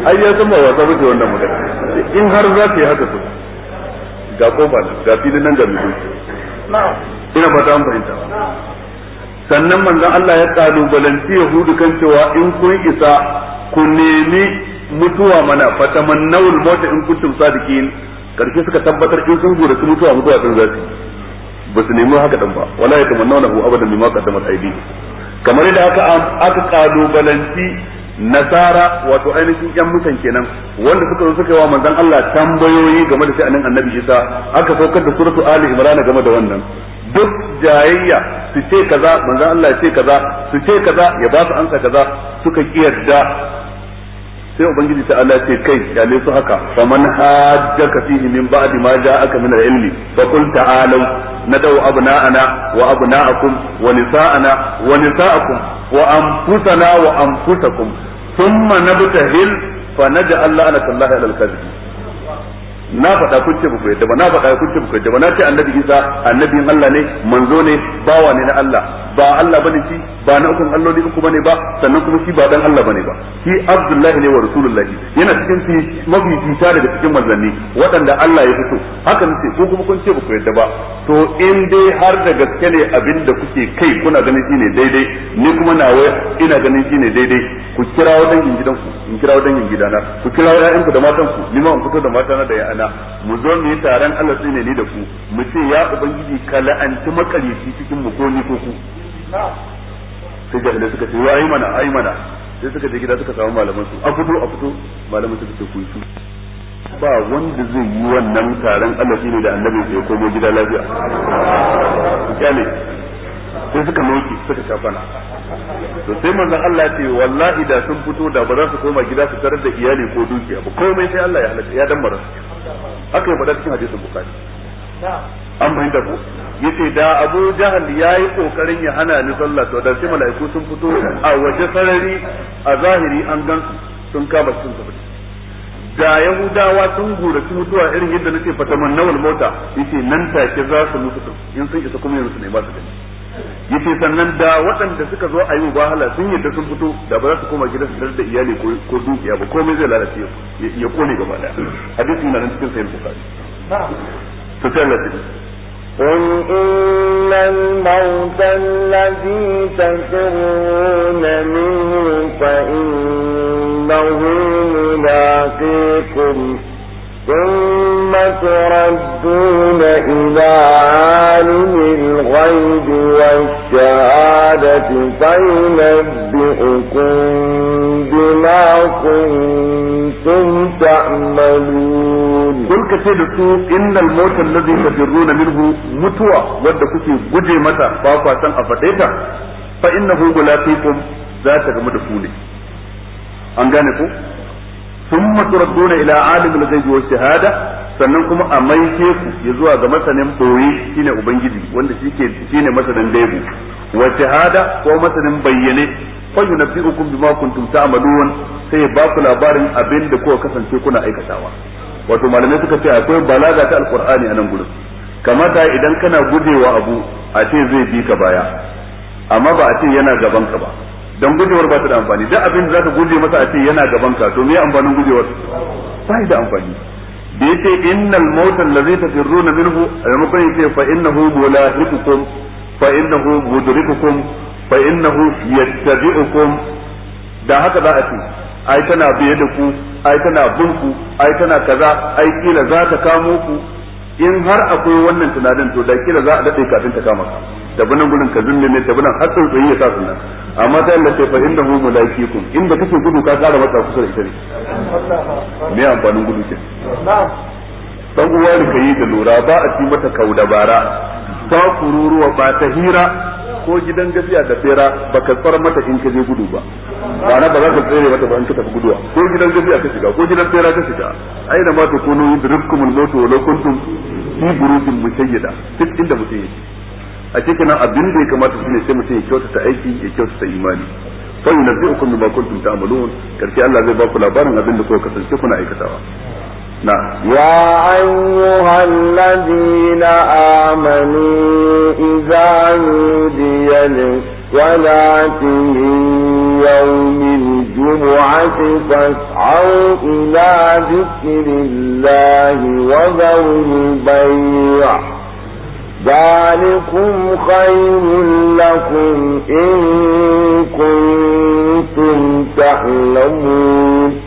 ai ya san ba wasa bace wannan magana in har za ta yi haka su ga kofa ga filin nan ga mutum ina ba ta fahimta sannan manzon Allah ya ya hudu kan cewa in kun isa ku nemi mutuwa mana fataman nawul mota in kuntum sadiqin karshe suka tabbatar in sun gura su mutuwa mutuwa sun zasu ba su nemi haka dan ba wala ya tamanna lahu abadan bima qaddamat aydihim kamar da aka aka kalubalanci nasara wato ainihin yan mutan kenan wanda suka zo suka yi wa manzon Allah tambayoyi game da sha'anin annabi Isa aka saukar da suratu Ali Imran game da wannan duk jayayya su ce kaza manzon Allah ya ce kaza su ce kaza ya ba su ansa kaza suka kiyarda sai ubangiji ta Allah ce kai kyale su haka faman hajjaka fihi min ba'di ma ja'aka min al-ilmi fa qul ta'alu nad'u abna'ana wa abna'akum wa nisa'ana wa nisa'akum wa anfusana wa anfusakum thumma nabtahil fa naj'al la'nata Allah 'ala al-kadhib na faɗa kun ce ku yadda ba na faɗa kun ce ku yadda ba na ce annabi Isa annabin Allah ne manzo ne bawa ne na Allah ba Allah bane shi ba na ukun alloli uku bane ba sannan kuma shi ba dan Allah bane ba shi Abdullahi ne wa Rasulullahi yana cikin shi mafi daga cikin manzanni waɗanda Allah ya fito haka nace ko kuma kun ce ba ku yadda ba to in dai har da gaske ne abin da kuke kai kuna ganin shi ne daidai ni kuma na wai ina ganin shi ne daidai ku kira wadan in gidan ku in kira wadan in gidana ku kira wa ku da matan ku ni ma in fito da matana da yana mu zo mu yi taron Allah sai ne ni da ku mu ce ya ubangiji ka la'anci makaryaci cikin mu ko ni ko ku sai jahilai suka ce ai mana ai mana sai suka je gida suka samu malaman su a fito a fito malaman suka ce ku su ba wanda zai yi wannan taron Allah shine da annabi sai komo gida lafiya kyale sai suka noki suka kafana to sai manzon Allah ce wallahi da sun fito da ba za su koma gida su tarar da iyali ko dukiya ba komai sai Allah ya halaka ya dan marasu haka ya faɗa cikin hadisin bukhari an fahimta ku yace da Abu Jahal yayi kokarin ya hana ni sallah to da sai mala'iku sun fito a waje sarari a zahiri an gan sun kama sun tafi da Yahudawa sun gura sun mutuwa irin yadda nake fataman nawal mota yace nan take za su mutu in sun isa kuma yanzu ne ba su gani yace sannan da waɗanda suka zo ayi wahala sun yadda sun fito da ba za su koma gida su dar da iyali ko dukiya ba komai zai lalace ya kone gaba daya hadisi na nan cikin sahih bukhari to sai Allah قل إن الموت الذي تفرون منه فإنه ملاقيكم ثم تردون إلى عالم الغيب والشهادة فينبئكم بما كنتم تعملون kun ka ce da su innal mautal ladhi tafirruna minhu mutuwa wadda kuke guje mata ba kwa san a fade ta fa innahu mulaqikum za ta gamu da ku ne an gane ko thumma turadduna ila alimil ghaibi wa shahada sannan kuma a maishe ku ya zuwa ga masanin boye shine ubangiji wanda shike shine masanin daibu wa shahada ko masanin bayyane fa yunabbi'ukum bima kuntum ta'malun sai ya ba ku labarin abin da kuka kasance kuna aikatawa wato malamai suka ce akwai balaga ta alqur'ani a nan gurin kamata idan kana gujewa abu a ce zai bi ka baya amma ba a ce yana gaban ka ba dan gujewar ba ta da amfani duk abin da zaka guje masa a ce yana gaban ka to me amfanin gujewar ba da amfani da yace innal mauta allazi tafirruna minhu maimakon yace fa innahu mulahiqukum fa innahu mudrikukum fa innahu yattabi'ukum da haka za a ce ai tana biye da ku ai tana bin ku ai tana kaza ai kila za ta kamo ku in har akwai wannan tunanin to da kila za a dade kafin ta kama ka bunan gurin ka zunne ne bunan har tsoyi ya sa sunna amma ta Allah sai fa inda hu mulaikikum inda kake gudu ka kara mata kusa da ita ne me amfanin gudu ke dan uwa ka yi da lura ba a ci mata kaudabara ta kururuwa ba ta hira ko gidan gafiya da ba ka tsara mata in ka je gudu ba na ba za ka tsere mata ba in ka tafi guduwa ko gidan gafiya ka shiga ko gidan tsera ka shiga aina ma ta kunu yudrikum al-maut wa law kuntum fi burudin musayyida duk inda mutum yake a cikin abin da ya kamata shine sai mutum ya ta aiki ya ta imani fa yunabbi'ukum bima kuntum ta'malun karshe Allah zai ba ku labarin abin da kuka kasance kuna aikatawa يا أيها الذين آمنوا إذا نودي للصلاة من يوم الجمعة فاسعوا إلى ذكر الله وذروا البيع ذلكم خير لكم إن كنتم تعلمون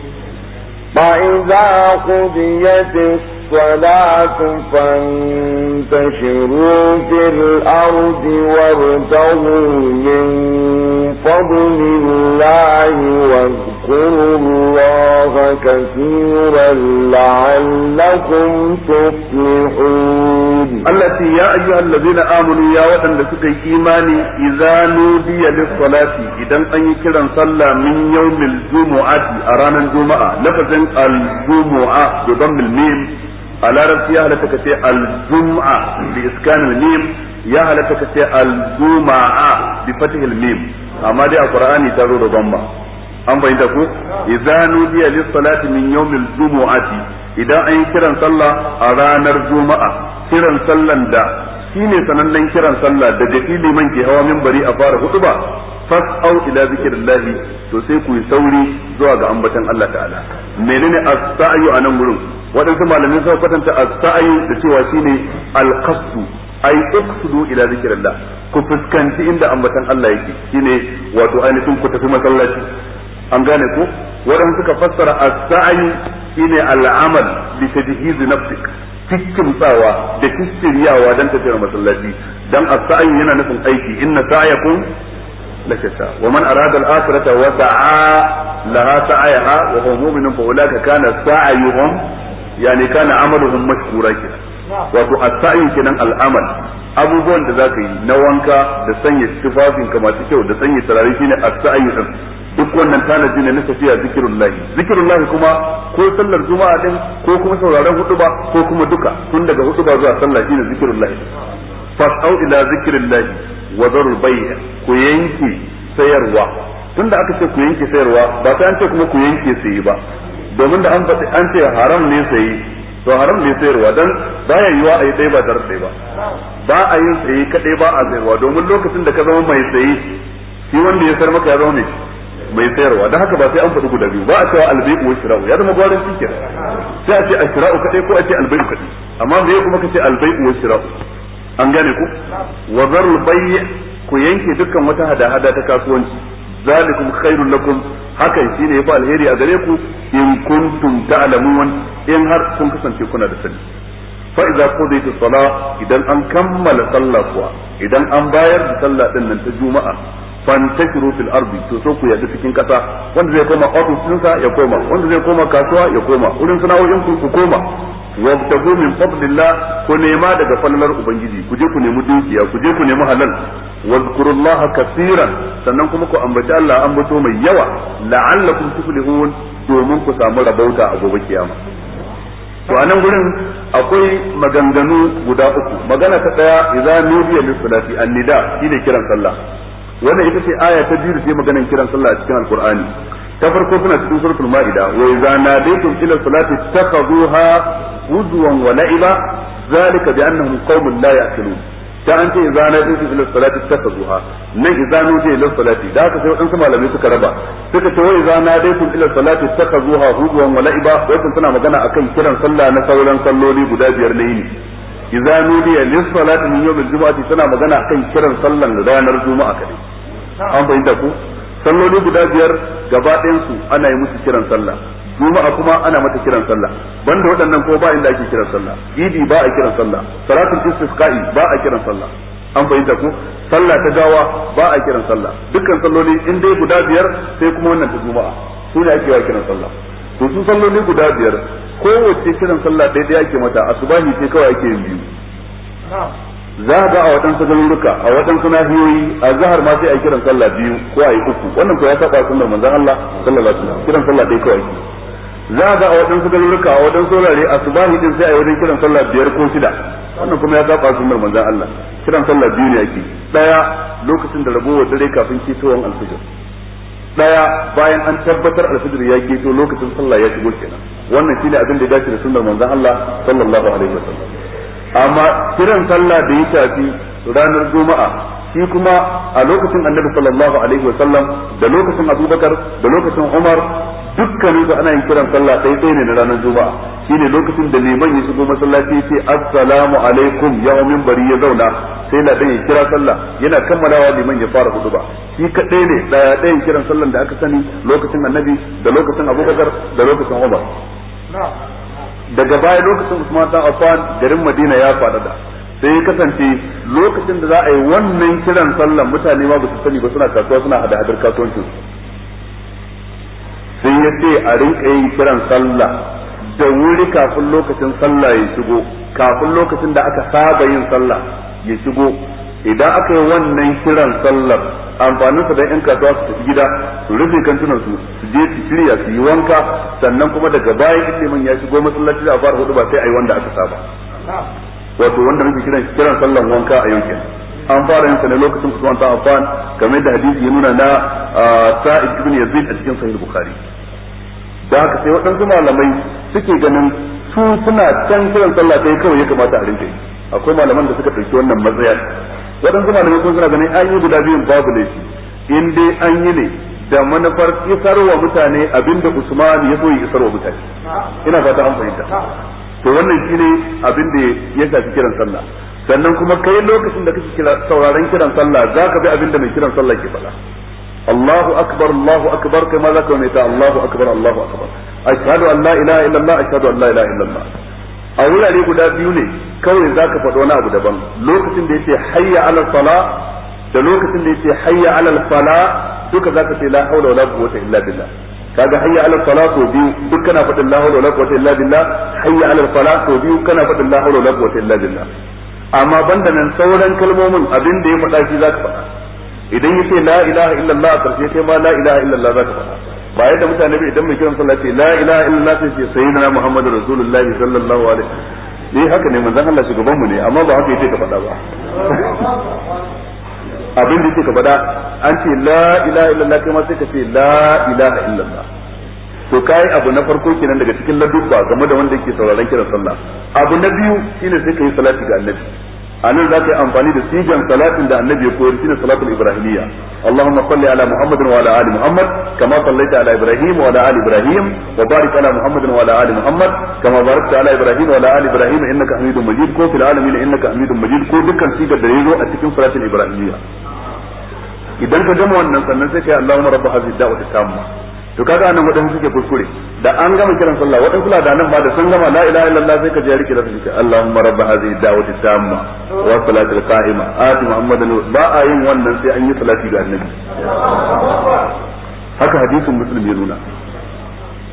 فإذا قضيت الصلاة فانتشروا في الأرض وارتغوا من فضل الله واذكروا واذكروا الله كثيرا لعلكم تفلحون التي يا أيها الذين آمنوا يا وطن لسكي إيماني إذا نودي للصلاة إذا أن يكرا صلى من يوم الجمعة أرانا الجمعة لفظ الجمعة بضم الميم على رأسي أهلتك الجمعة بإسكان الميم ya halatta ka ce al-juma'a bi fatihil mim amma dai a qur'ani ta zo da bamba an bayyana ko idza nudiya lis salati min yawmil jumu'ati idan an yi kiran sallah a ranar juma'a kiran sallan da shine sanannen kiran sallah da da liman ke hawa minbari a fara hutuba fas'au ila zikrillah to sai ku yi sauri zuwa ga ambatan Allah ta'ala menene as-sa'yu anan gurin waɗansu malamai suka kwatanta as-sa'yu da cewa shine al-qasdu ai uqsudu ila zikrillah ku fuskanci inda ambatan Allah yake shine wato ainihin ku tafi masallaci an gane ko wadanda suka fassara as-sa'i shine al-amal bi cikin tsawa da cikin yawa dan tafiyar masallaci dan as-sa'i yana nufin aiki inna sa'yakum lakasa wa man arada al-akhirata wa da'a laha sa'aha wa huwa mu'minun fa ulaka kana sa'yuhum yani kana amaluhum mashkura kida wato as-sa'i kenan al'amal abubuwan da zaka yi na wanka da sanya tufafinka masu kyau da sanya turare shine as-sa'i din duk wannan tanaji ne na tafiya zikirin zikirullah kuma ko sallar juma'a din ko kuma sauraron hutuba ko kuma duka tun daga hutuba zuwa sallah shine fas fas'au ila zikrillah wa zarul bay' ku yanke sayarwa tunda aka ce ku yanke sayarwa ba sai an ce kuma ku yanke sayi ba domin da an faɗi an ce haram ne sayi to haram ne sayarwa dan ya yiwa a yi ɗaya ba tare ɗaya ba ba a yin saye kaɗai ba a sayarwa domin lokacin da ka zama mai saye shi wanda ya sayar maka ya zama mai mai sayarwa dan haka ba sai an faɗi guda biyu ba a cewa albai wa shira'u ya zama gwarin shi sai a ce a shira'u kaɗai ko a ce albai kaɗai amma me ya kuma ka ce albai wa shira'u an gane ku wa zarul bayyi ku yanke dukkan wata hada-hada ta kasuwanci zalikum khairul lakum hakan shine fa alheri a gare ku in kuntum ta'lamun in har sun kasance kuna da sani fa idza qudiyat idan an kammala sallah kuwa idan an bayar da sallah din nan ta juma'a fantashiru fil ardi to so ku yadda cikin kasa wanda zai koma office ya koma wanda zai koma kasuwa ya koma wurin sana'o'in ku ku koma wabtagu min fadlillah ku nema daga fallar ubangiji ku je ku nemi dukiya ku je ku nemi halal wazkurullaha kaseeran sannan kuma ku ambaci Allah ambato mai yawa la'allakum tuflihun domin ku samu rabauta a gobe kiyama to a nan gurin akwai maganganu guda uku magana ta daya idza nudiya lis salati an-nida shine kiran sallah wannan ita ce aya ta biyu sai maganan kiran sallah a cikin alqur'ani ta farko suna cikin suratul maida wa idza nadaytum ila salati takhuduha huzwan wa la'iba zalika bi annahum qaumun la ya'qilun da an ce idza na dinki fil salati takazuha nan salati da aka sai wadansu malamai suka raba suka ce wai idza na dinki fil salati takazuha huduwan wa la'iba wannan tana magana akan kiran sallah na sauran salloli guda biyar na yini nudiya lis salati min magana akan kiran sallan ranar juma'a kadai an bayyana ku salloli guda biyar gaba ɗayan su ana yi musu kiran sallah juma'a kuma ana mata kiran sallah banda waɗannan ko ba inda ake kiran sallah idi ba a kiran sallah salatul istisqa'i ba a kiran sallah an fahimta ku sallah ta gawa ba a kiran sallah dukkan salloli in dai guda biyar sai kuma wannan ta juma'a su ne ake wa kiran sallah to su salloli guda biyar kowace kiran sallah ɗaya ɗaya ake mata asubahi sai kawai ake yin biyu za ga a waɗansu garuruka a waɗansu nahiyoyi a zahar ma sai a kiran sallah biyu ko a yi uku wannan ko ya saba sunnar manzon Allah sallallahu alaihi wasallam kiran sallah ɗaya kawai za a ga a waɗansu garuruka a waɗansu wurare a subahi din sai a wajen kiran sallah biyar ko shida wannan kuma ya saba sunnar manzon Allah kiran sallah biyu ne ake ɗaya lokacin da ragowar dare kafin kitowar alfijir ɗaya bayan an tabbatar alfijir ya keto lokacin sallah ya shigo kenan wannan shine abin da ya dace da sunnar manzan Allah sallallahu alaihi wa wasallam amma kiran sallah da ya tafi ranar juma'a shi kuma a lokacin annabi sallallahu alaihi wa wasallam da lokacin abubakar da lokacin umar dukkanin su ana yin kiran sallah ɗaya ɗaya ne na ranar juma'a shine lokacin da liman ya shigo masallaci ya ce assalamu alaikum ya min bari ya zauna sai na ɗaya kira sallah yana kammalawa liman ya fara hudu ba shi kaɗai ne ɗaya ɗaya kiran sallan da aka sani lokacin annabi da lokacin abubakar da lokacin umar daga baya lokacin usman dan affan garin madina ya da. sai ya kasance lokacin da za a yi wannan kiran sallan mutane ma ba su sani ba suna kasuwa suna hada-hadar kasuwancin ya ce a rinka yin kiran sallah da wuri kafin lokacin sallah ya shigo kafin lokacin da aka saba yin sallah ya shigo idan aka yi wannan kiran sallar amfanin sa da yan kasuwa su tafi gida su rufe kantunan su su je su shirya su yi wanka sannan kuma daga baya ita man ya shigo masallaci a fara hudu ba sai a yi wanda aka saba wato wanda nake kiran kiran sallar wanka a yau an fara yin sa ne lokacin Usman ta Affan kamar da hadisi ya nuna na ah, Sa'id ibn Yazid a cikin Sahih Bukhari da haka sai waɗansu malamai suke ganin su suna can kiran sallah sai kawai ya kamata a rinke akwai malaman da suka ɗauki wannan matsaya waɗansu malamai sun suna ganin an yi guda biyun babu laifi in dai an yi ne da manufar isarwa mutane abinda Usman ya so ya isarwa mutane ina fata an fahimta to wannan shine abin da ya shafi kiran sallah sannan kuma kai lokacin da kake sauraron kiran sallah zaka bi abin da mai kiran sallah ke faɗa Allahu akbar Allahu akbar kai ma zaka mai ta Allahu akbar Allahu akbar ashhadu an la ilaha illallah ashhadu an la ilaha illallah a wurare guda biyu ne kawai za ka faɗo wani abu daban lokacin da yace hayya alal sala da lokacin da yace hayya alal sala duka zaka ce la haula wala quwwata illa billah kaga hayya alal sala ko biyu duk kana faɗin la haula wala quwwata illa billah hayya alal sala ko biyu kana faɗin la haula wala quwwata illa billah amma banda nan sauran kalmomin abin da ya faɗa shi ka faɗa idan yace la ilaha illallah a karshe sai ma la ilaha illallah zaka faɗa ba yadda mutane ba idan mai kiran sallah ce la ilaha illallah sai ce sayyidina muhammadur rasulullahi sallallahu alaihi wasallam eh haka ne manzon Allah shugaban mu ne amma ba haka yace ka faɗa ba abin da yake ka faɗa an ce la ilaha illallah kai ma sai ka ce la ilaha illallah to kai abu na farko kenan daga cikin ladubba game da wanda yake sauraron kiran sallah abu na biyu shine sai ka yi salati ga annabi a nan za ka yi amfani da sigan salatin da annabi ya koyar shine salatul ibrahimiyya allahumma salli ala muhammadin wa ala ali muhammad kama sallaita ala ibrahim wa ala ali ibrahim wa barik ala wa ala ali muhammad kama barakta ala ibrahim wa ala ali ibrahim innaka hamidum majid ko fil alamin innaka hamidum majid ko dukkan da yazo a cikin salatul ibrahimiyya idan ka gama wannan sannan sai kai allahumma rabb hadhihi da'wati tamma to kaga anan wadansu suke kuskure da an gama kiran sallah wadansu kula da nan ba da san gama la ilaha illallah sai ka ji rike da su Allahumma rabb hadhihi da'wati tamma wa salati al-qa'ima ati muhammadan ba a yin wannan sai an yi salati ga annabi haka hadisin muslim ya nuna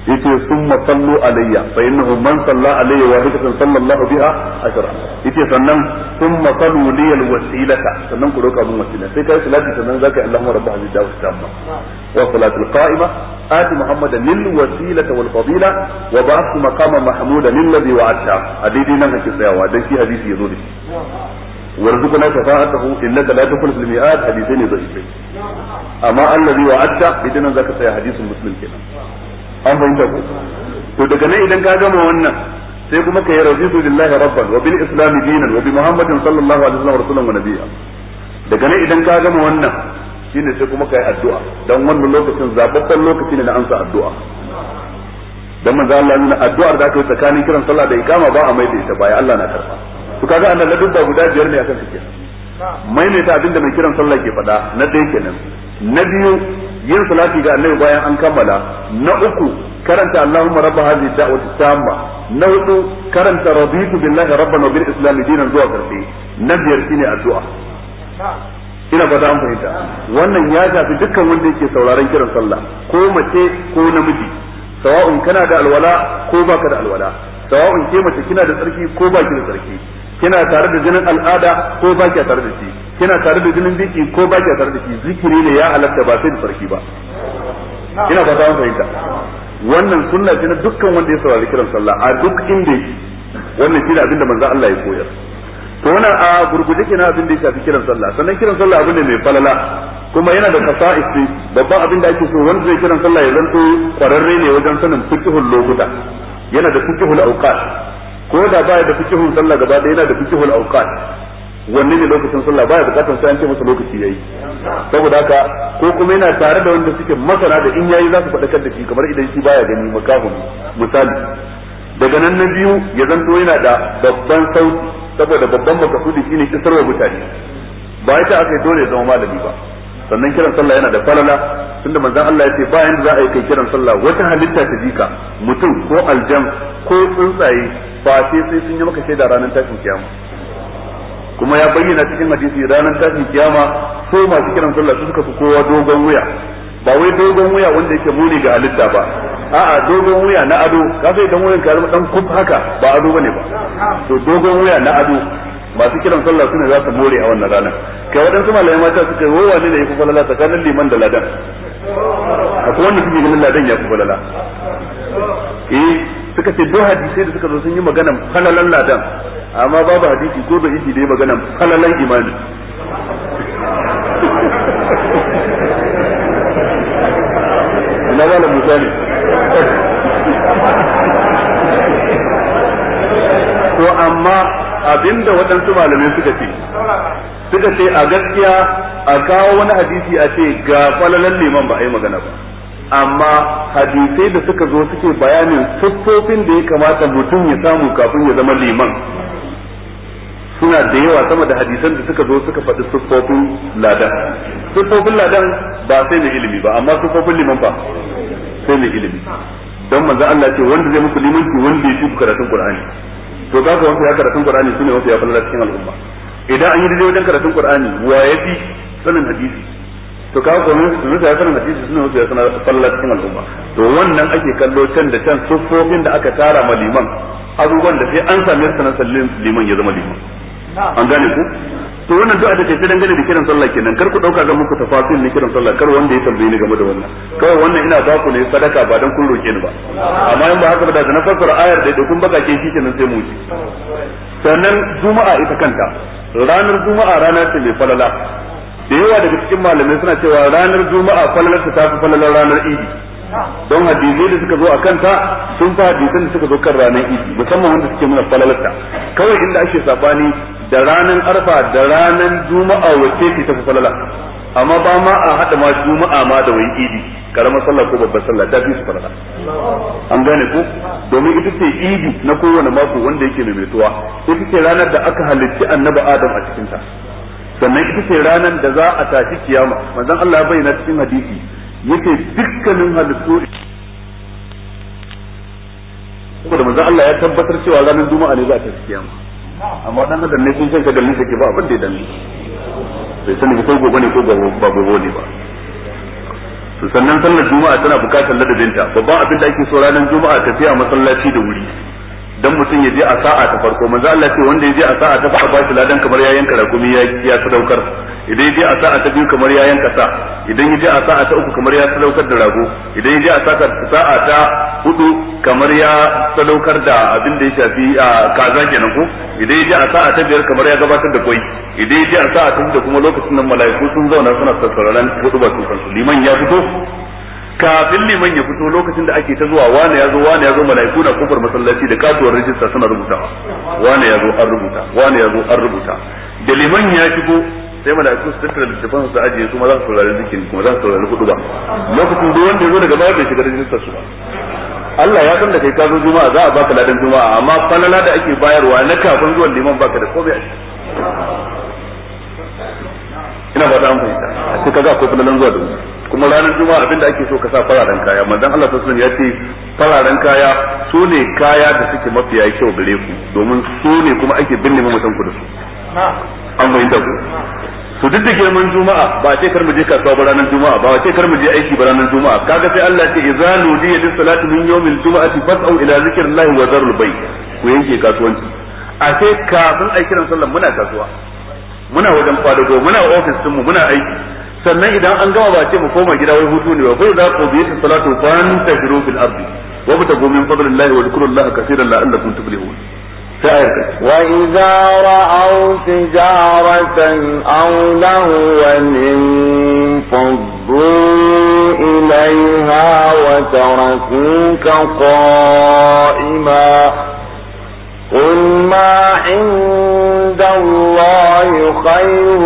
yace summa sallu alayya fa innahu man salla alayya wahidatan sallallahu biha ashra yace sannan summa sallu li al sannan ku roka mun wasila sai kai salati sannan zaka yi allahumma rabb hadhihi da'wati tamma wa salatul qa'ima ati muhammadan lil wasilata wal fadila wa ba'ath maqama mahmuda lil ladhi wa'ata hadidi nan kake tsayawa dan shi hadisi yazo da shi warzuqna shafa'atahu innaka la tukhlifu al mi'ad hadithain dhaifai amma alladhi wa'ata idan zaka tsaya hadisin muslim kenan an fahimta ku to daga nan idan ka gama wannan sai kuma ka yi raditu billahi rabban wa bil islam dinan wa bi muhammadin sallallahu alaihi wasallam rasulun wa nabiyya daga nan idan ka gama wannan shine sai kuma ka yi addu'a dan wannan lokacin zababban lokaci ne na ansa addu'a dan manzo Allah nuna addu'ar da aka yi tsakanin kiran sallah da ikama ba a mai da ita ya Allah na karba to kaga annabi da guda biyar ne akan ne ta abinda mai kiran sallah ke faɗa na dai kenan na biyu yin salati ga annabi bayan an kammala na uku karanta allahumma rabb hadhihi da'wati tamma na hudu karanta raditu billahi rabban wa bil islam dinan zuwa karfe na biyar shine addu'a ina fata an fahimta wannan ya shafi dukkan wanda yake sauraron kiran sallah ko mace ko namiji sawa'un kana da alwala ko baka da alwala sawa'un ke mace kina da tsarki ko baki da tsarki kina tare da jinin al'ada ko ba ki tare da shi kina tare da jinin biki ko ba ki tare da shi zikiri ne ya halatta ba sai da sarki ba ina ba ta fahimta wannan sunna ce na dukkan wanda ya saurari kiran sallah a duk inda yake wannan shi ne abin da manzo Allah ya koyar to wannan a gurguje kina abin da ya shafi kiran sallah sannan kiran sallah abin ne mai falala kuma yana da fasa'is babban abin da ake so wanda zai kiran sallah ya zanto kwararre ne wajen sanin fiqhul lokuta yana da fiqhul awqat ko da baya da fikihun sallah gaba da yana da fikihul awqat wanne ne lokacin sallah baya bukatar sai an ce masa lokaci yayi saboda haka ko kuma yana tare da wanda suke masana da in yayi za su fadakar da shi kamar idan shi baya gani makahun misali daga nan na biyu ya zanto yana da babban sauti saboda babban makasudi shine isarwa mutane ba ita aka dole ya zama malami ba sannan kiran sallah yana da falala tunda manzon Allah yace ba yanda za a yi kai kiran sallah wata halitta ta jika mutum ko aljan ko tsuntsaye ba sai sai sun yi maka shaida ranar tashin kiyama kuma ya bayyana cikin hadisi ranar tashin kiyama ko masu kiran sallah suka fi kowa dogon wuya ba wai dogon wuya wanda yake muni ga halitta ba a'a dogon wuya na ado ka sai dan wuyan ka zama dan kuf haka ba ado bane ba to dogon wuya na ado masu kiran sallah sune za su more a wannan ranar kai waɗansu malamai mata suka yi wane ne ya fi falala tsakanin liman da ladan a kuma wanda suke ganin ladan ya fi falala eh suka ce duk hadisai da suka zo sun yi magana falalan ladan amma babu hadisi ko da yake da yi magana falalan imani ina musa ne to amma abinda waɗansu malamai suka ce suka ce a gaskiya a kawo wani hadisi a ce ga falalan liman ba a yi magana ba amma hadisai da suka zo suke bayanin siffofin da ya kamata mutum ya samu kafin ya zama liman suna da yawa sama da hadisan da suka zo suka faɗi siffofin ladan siffofin ladan ba sai mai ilimi ba amma siffofin liman ba sai mai ilimi don manzo Allah ce wanda zai muku limanci wanda ya fi karatun Qur'ani to ka ga wanda ya karatun qur'ani sune wanda ya fallala cikin al'umma idan an yi dai wajen karatun qur'ani wa ya fi sanin hadisi to kawo komin su ya sanin hadisi sune wanda ya sanar falala cikin al'umma to wannan ake kallo can da can sufofin da aka tara maliman liman abubuwan da sai an same su sallin liman ya zama liman an gane ku to wannan du'a da ke ta dangane da kiran sallah kenan kar ku dauka ga muku tafasil na kiran sallah kar wanda ya tambaye ni game da wannan kawai wannan ina ba ku ne sadaka ba dan kun roke ni ba amma in ba haka ba da na fassara ayar da kun baka ke shi kenan sai mu ji sannan juma'a ita kanta ranar juma'a rana ce mai falala da yawa daga cikin malamai suna cewa ranar juma'a falalar ta tafi falalar ranar idi don hadisai da suka zo a kanta sun fa hadisan da suka zo kan ranar idi musamman wanda suke nuna ta kawai inda ake sabani da ranan arfa da ranan juma'a wace ce ta fi falala amma ba ma a haɗa ma juma'a ma da wani idi karamar sallah ko babbar sallah ta fi su falala an gane ko domin ita ce idi na kowane mako wanda yake mutuwa ita ce ranar da aka halitta annabi adam a cikin ta sannan ita ce ranar da za a tashi kiyama manzon Allah ya bayyana cikin hadisi yake dukkanin halittu da manzon Allah ya tabbatar cewa ranar juma'a ne za a tashi kiyama amma dan adam ne sun san shagalin da ke ba abin da ya dame bai sani ko gobe ne ko ba gobe ne ba to sannan sallar juma'a tana bukatar ladabinta babban abin da ake so ranar juma'a tafiya masallaci da wuri dan mutum ya je a sa'a ta farko manzo Allah ce wanda ya je a sa'a ta farko ba shi ladan kamar ya yanka ya ya sadaukar idan ya je a sa'a ta biyu kamar ya yanka sa idan ya je a sa'a ta uku kamar ya sadaukar da rago idan ya je a sa'a ta hudu kamar ya sadaukar da abin da ya shafi a kaza kenan ko idan ya je a sa'a ta biyar kamar ya gabatar da kwai idan ya je a sa'a ta da kuma lokacin nan mala'iku sun zauna suna sassararen hudu ba su liman ya fito kafin liman ya fito lokacin da ake ta zuwa wane ya zo wane ya zo mala'iku na kofar masallaci da katuwar rijista suna rubutawa wane ya zo an rubuta wane ya zo an rubuta da liman ya shigo sai mala'iku su tattara littafan su aje su ma za su saurari zikin kuma za su saurari hudu ba lokacin duk wanda ya zo daga baya bai shiga rijistar su ba Allah ya san da kai ka zo juma'a za a baka ladan juma'a amma falala da ake bayarwa na kafin zuwan liman baka da komai a ina ba da an fahimta sai kaga akwai falalan zuwa da kuma ranar juma'a abin da ake so ka sa fararen kaya manzon Allah sallallahu alaihi ya ce fararen kaya su ne kaya da suke mafiya kyau gare ku domin su ne kuma ake binne mamatan ku da su an bai da ku to duk da girman juma'a ba a ce kar mu je kasuwa ba ranar juma'a ba a ce kar mu je aiki ba ranar juma'a kaga sai Allah ce idza nudiya lis salati min yawmil juma'ati fas'au ila zikrillahi wa dharul bay ku yanke kasuwanci a sai kafin a kiran sallan muna kasuwa muna wajen fadago muna ofis mu muna aiki sannan idan an gama ba ce mu koma gida wai hutu ne ba fa idza qudiyat salatu fantashiru fil ardi wa btagu min fadlillahi wa dhkurullaha kaseeran la'allakum tuflihun وإذا رأوا تجارة أو لهوا انفضوا إليها وتركوك قائما قل ما عند الله خير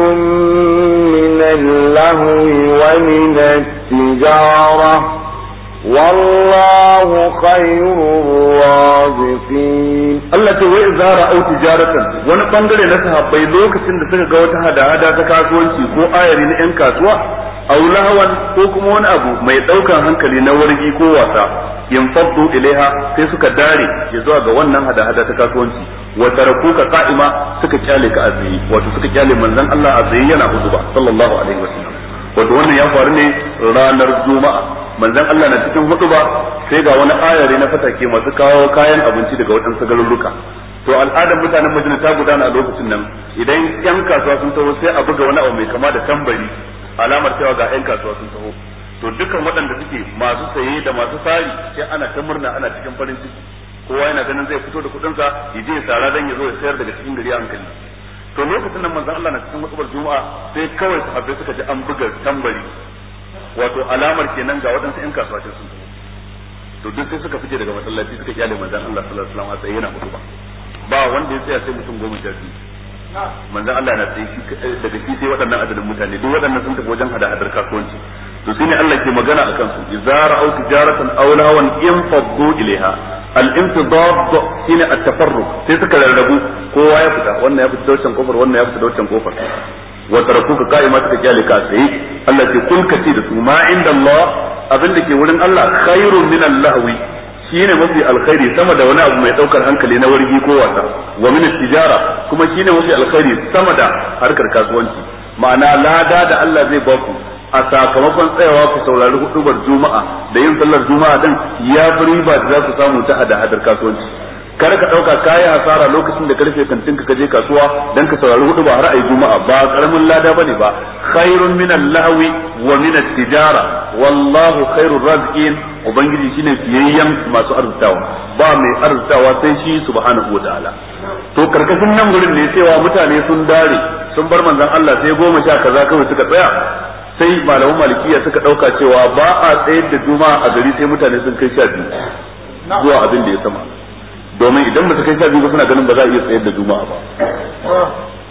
من اللهو ومن التجاره والله خير الرازقين الله ce wai idza ra'au tijaratan wani bangare na sahabbai lokacin da suka ga wata hada-hada ta kasuwanci ko ayari na yan kasuwa aw lahawan ko kuma wani abu mai daukan hankali na wargi ko wasa yanfaddu laiha sai suka dare ya zuwa ga wannan hada-hada ta kasuwanci wa tarakuka qa'ima suka kyale ka azumi wato suka kyale manzon Allah azumi yana ba? sallallahu alaihi wasallam wato wannan ya faru ne ranar juma'a manzon Allah na cikin hutuba sai ga wani ayari na fatake masu kawo kayan abinci daga waɗansu garuruka to al'adar mutanen majina ta gudana a lokacin nan idan yan kasuwa sun taho sai a buga wani abu mai kama da tambari alamar cewa ga yan kasuwa sun taho to dukkan waɗanda suke masu saye da masu sari sai ana ta murna ana cikin farin ciki kowa yana ganin zai fito da kuɗinsa ya je ya sara dan ya zo ya sayar daga cikin gari hankali to lokacin nan manzon Allah na cikin matsabar juma'a sai kawai sahabbai suka ji an buga tambari wato alamar kenan ga waɗansu ƴan kasuwa sun zo to duk sai suka fice daga masallaci suka kyale manzon Allah sallallahu alaihi wasallam a tsaye na mutu ba ba wanda ya tsaya sai mutum goma sha biyu manzon Allah na tsaye daga shi sai waɗannan adadin mutane duk waɗannan sun tafi wajen hada-hadar kasuwanci to shine Allah ke magana akan su idza ra'aw tijaratan aw lawan in faddu ilaiha al-imtidad shine at-tafarruq sai suka rarrabu kowa ya fita wannan ya fita daucan kofar wannan ya fita daucan kofar wa tarakuka qa'ima ta kyale ka sai Allah ce kun kace da su ma inda Allah abin da ke wurin Allah khairun min lahawi shine mafi alkhairi sama da wani abu mai daukar hankali na wargi ko wasa wa min tijara kuma shine mafi alkhairi sama da harkar kasuwanci ma'ana lada da Allah zai baku a sakamakon tsayawa ku saurari hudubar juma'a da yin sallar juma'a din ya fi riba da za ku samu ta hada hadar kasuwanci kar ka dauka kayi asara lokacin da karfe kantin ka je kasuwa dan ka saurari hudu ba har ai juma'a ba karamin lada bane ba khairun min al-lahwi wa min at-tijara wallahu khairur raziqin ubangiji shine fiyayyen masu arzutawa ba mai arzutawa sai shi subhanahu wa ta'ala to karkashin nan gurin ne cewa mutane sun dare sun bar manzon Allah sai goma sha kaza kawai suka tsaya sai malaman malikiya suka dauka cewa ba a tsayar da juma'a a gari sai mutane sun kai sha biyu zuwa abin da ya sama domin idan ba su kai sabi ba suna ganin ba za a iya tsayar da juma'a ba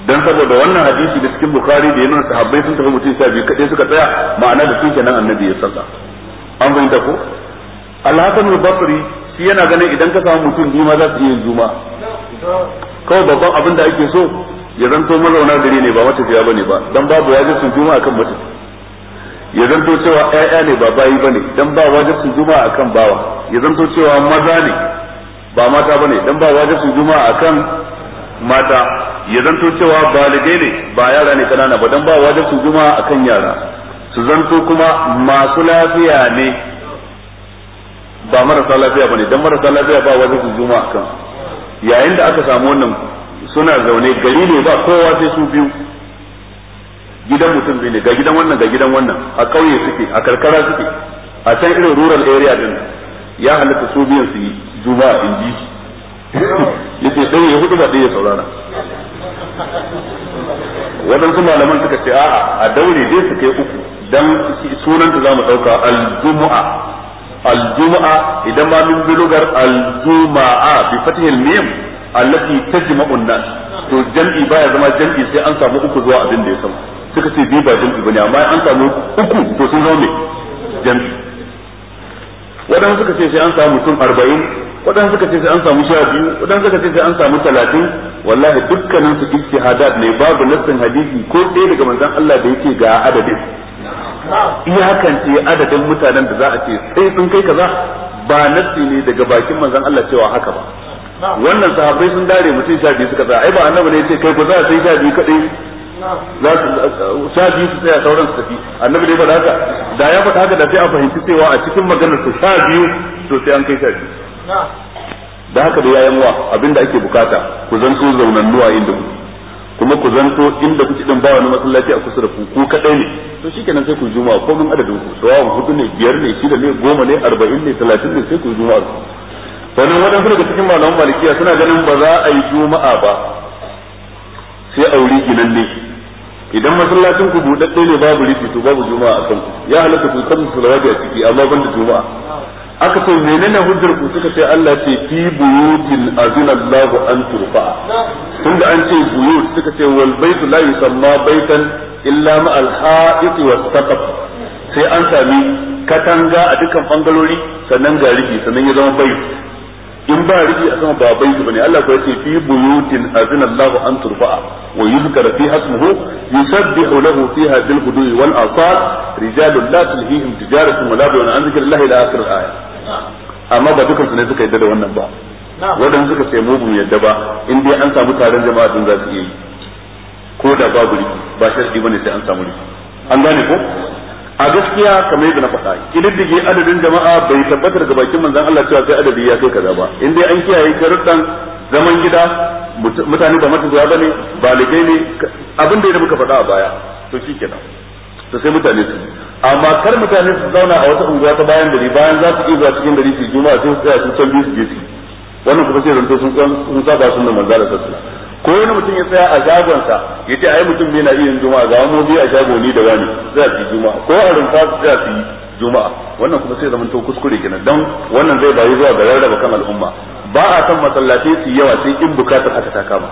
dan saboda wannan hadisi da cikin bukhari da yana sahabbai sun tafi mutum sabi kaɗai kadai suka tsaya ma'ana da sun kenan annabi ya sassa. an fahimta ko al-hasan al-basri shi yana ganin idan ka samu mutum biyu za su iya yin juma'a kawai babban abin da ake so ya zanto mazauna gari ne ba matafiya bane ba dan babu sun juma'a kan mutum ya zanto cewa ƴaƴa ne ba bayi bane dan ba sun juma'a kan bawa ya zanto cewa maza ne ba mata bane dan ba wajibin juma'a akan mata ya zanto cewa baligai ne ba yara ne kanana ba dan ba wajibin juma'a akan yara su zanto kuma masu lafiya ne ba marasa lafiya bane dan marasa lafiya ba wajibin juma'a akan yayin da aka samu wannan suna zaune gari ne ba kowa sai su biyu gidan mutum biyu ne ga gidan wannan ga gidan wannan a kauye suke a karkara suke a can irin rural area din ya halatta su biyan su yi juma'a in ji yace dai ya hudu ba ɗaya ya saurara waɗansu malaman suka ce a'a a daure dai su kai uku dan sunan ta zamu ɗauka al aljuma'a al idan ma min bilugar al-juma'a bi fatihil mim allati tajma'u an-nas to jam'i baya zama jam'i sai an samu uku zuwa abin da ya samu suka ce bi ba jam'i bane amma an samu uku to sun zama me jam'i wadan suka ce sai an samu mutum 40 wadan suka ce sai an samu 12 wadan suka ce sai an samu 30 wallahi dukkanin su ijtihadat ne babu nassin hadisi ko ɗaya daga manzon Allah da yake ga adadin iyakance adadin mutanen da za a ce sai sun kai kaza ba nassi ne daga bakin manzon Allah cewa haka ba wannan sahabbai sun dare mutum sha biyu suka tsaya ai ba annabi ne yace kai ku za a sai sha biyu kadai za su sha biyu su tsaya sauran su tafi annabi ya faɗa haka da ya faɗa haka da sai a fahimci cewa a cikin maganar su sa biyu to sai an kai sha biyu da haka da yayan wa abinda ake bukata ku zanto zaunannu a inda ku. kuma ku zanto inda kuke dan ba wani masallaci a kusa da ku ku kadai ne to shikenan sai ku juma ko mun adadin ku sawa hudu ne biyar ne shida ne goma ne arba'in ne talatin ne sai ku juma ku sannan waɗansu daga cikin malaman malikiya suna ganin ba za a yi juma'a ba sai aure ginan ne idan masallacin ku budadde ne babu rufi to babu juma'a a kan ya halatta ku san salawati a ciki amma ban da juma'a aka ce menene hujjar ku suka ce Allah ce fi buyutin azina Allah an turfa tunda an ce buyut suka ce wal baytu la yusamma baitan illa ma al ha'it wa saqaf sai an sami katanga a dukkan bangalori sannan ga rufi sannan ya zama bai in ba rigi a sama ba bai bane Allah ko yace fi buyutin azina Allah an turfa'a wa yuzkar fi hasmuhu yusabbihu lahu fiha bil ghudwi wal asar rijalun la tulhihim tijaratun wala biyun an zikrillahi ila akhir aya amma ba dukan su ne suka yadda da wannan ba wadan suka ce mu bu yadda ba in dai an samu taron jama'a din za su yi ko da babu rigi ba sharadi bane sai an samu rigi an gane ko a gaskiya kamar yadda na faɗa kididdige adadin jama'a bai tabbatar ga bakin manzon Allah cewa sai adadi ya kai kaza ba in dai an kiyaye sharuɗan zaman gida mutane ba matafiya bane baligai ne abin da muka faɗa a baya to kenan to sai mutane su amma kar mutane su zauna a wata unguwa ta bayan dari bayan za su iya zuwa cikin dari su juma'a su tsaya su san su je su wannan kuma sai zanto sun saba sunan manzon Allah sallallahu alaihi wasallam ko wani mutum ya tsaya a zagonsa ya ce ai mutum ne na iya juma'a ga mu biyu a shago ni da wani za su yi juma'a ko a rumfa za su yi juma'a wannan kuma sai zamanto kuskure kenan dan wannan zai bayi zuwa ga rarraba kan al'umma ba a san masallaci su yawa sai in bukatar haka ta kama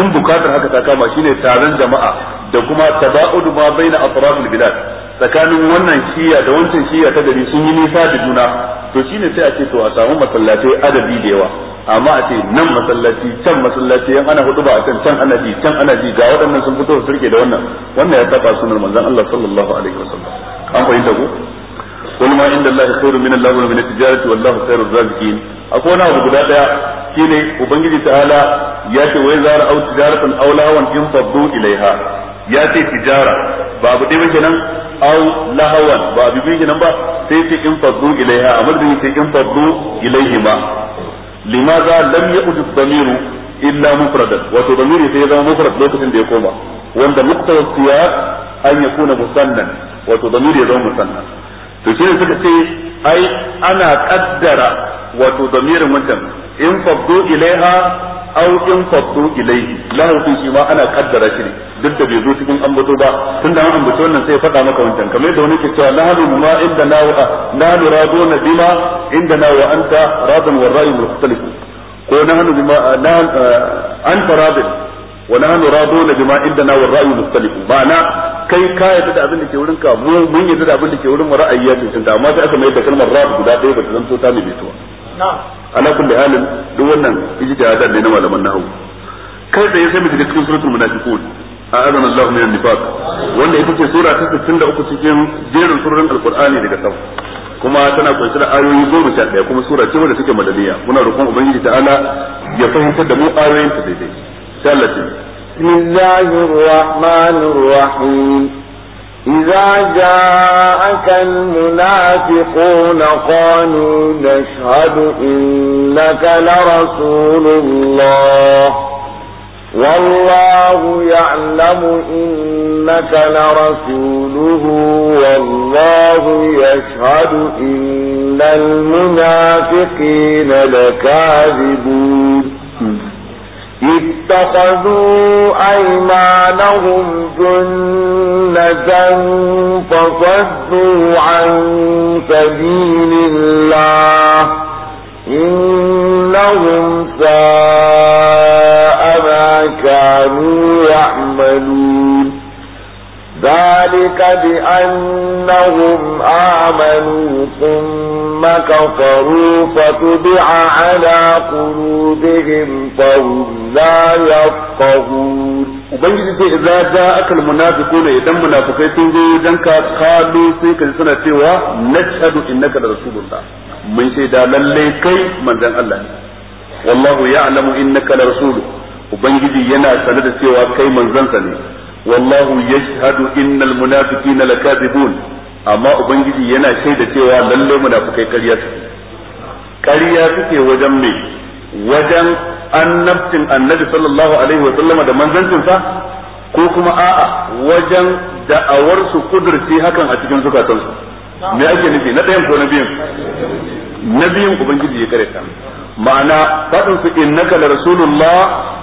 in bukatar haka ta kama shine taron jama'a da kuma tabaudu ma baina atrafil bilad tsakanin wannan shiya da wancan shiya ta gari sun yi nisa da juna to shine sai a ce to a samu masallatai adabi da yawa amma a ce nan masallaci can masallaci yan ana hudu ba a can can ana ji can ana ji ga waɗannan sun fito su rike da wannan wannan ya taba sunan manzon Allah sallallahu alaihi wasallam an fahimta ko قل min عند الله خير من الله ومن التجارة والله خير Akwai wani abu guda ɗaya shine ubangiji ta'ala ya ce wai zara au tijaratan aw lawan in faddu ilaiha ya ce tijara ba abu dai kenan aw lahawan ba bi bin nan ba sai ce in faddu ilaiha amma da sai in faddu ilaihima limaza lam yaqud ad-damiru illa mufradan wato damiri sai ya zama mufrad lokacin da ya koma wanda muqtadar siyaq an kuna musannan wato damiri ya zama musannan to shi ne suka ce ai ana kaddara wato damirin wancan in faddu ilaiha aw in faddu ilayhi lahu din shi ma ana kaddara shi duk da bai zo cikin ambato ba tunda an ambato wannan sai faɗa maka wancan kamar yadda wani ke cewa lahu ma inda na wa la nuraduna bima inda na wa anta radan wa ra'yu mukhtalif ko nahnu bima eh, eh, anta radin wa nahnu raduna bima inda na wa ra'yu mukhtalif ma'ana kai ka yadda da abin da ke wurin ka mun yadda da abin da ke wurin mu ra'ayi ya tuntunta amma sai aka mai da kalmar rad guda ɗaya ba ta zanto ta mai bituwa ala kulli halin duk wannan ijtihadan ne na malaman nahwu kai tsaye sai mu shiga cikin suratul munafiqun azan Allah min an-nifaq wanda ita ce sura ta 63 cikin jerin surran alqur'ani daga sau kuma tana kunshe da ayoyi goma sha daya kuma sura ce wadda take madaniya muna roƙon ubangiji ta'ala ya fahimtar da mu ayoyin ta daidai sai Allah ce بسم إذا جاءك المنافقون قالوا نشهد إنك لرسول الله والله يعلم إنك لرسوله والله يشهد إن المنافقين لكاذبون اتخذوا أيمانهم جنة فصدوا عن سبيل الله إنهم ساء ما كانوا يعملون ذلك بأنهم آمنوا ثم كفروا فتبع على قلوبهم فهم لا يفقهون ubangiji ce idza ja'aka almunafiquna idan munafikai sun zo wajenka kalu sai ka suna cewa nashhadu innaka da rasulullah mun sai da lalle kai manzon Allah ne wallahu ya'lamu innaka la rasuluhu ubangiji yana sanar da cewa kai manzon sa ne wallahu يشهد innal المنافقين لكاذبون amma ubangiji yana shaida cewa lalle munafikai ƙarya suke ƙarya suke wajen me wajen annabcin annabi sallallahu alaihi wa sallama da manzancinsa ko kuma a'a wajen da'awar su kudurci hakan a cikin zukatansu me ake nufi na ɗayan ko na biyun na biyun ubangiji ya kare ta ma'ana faɗin su innaka la rasulullah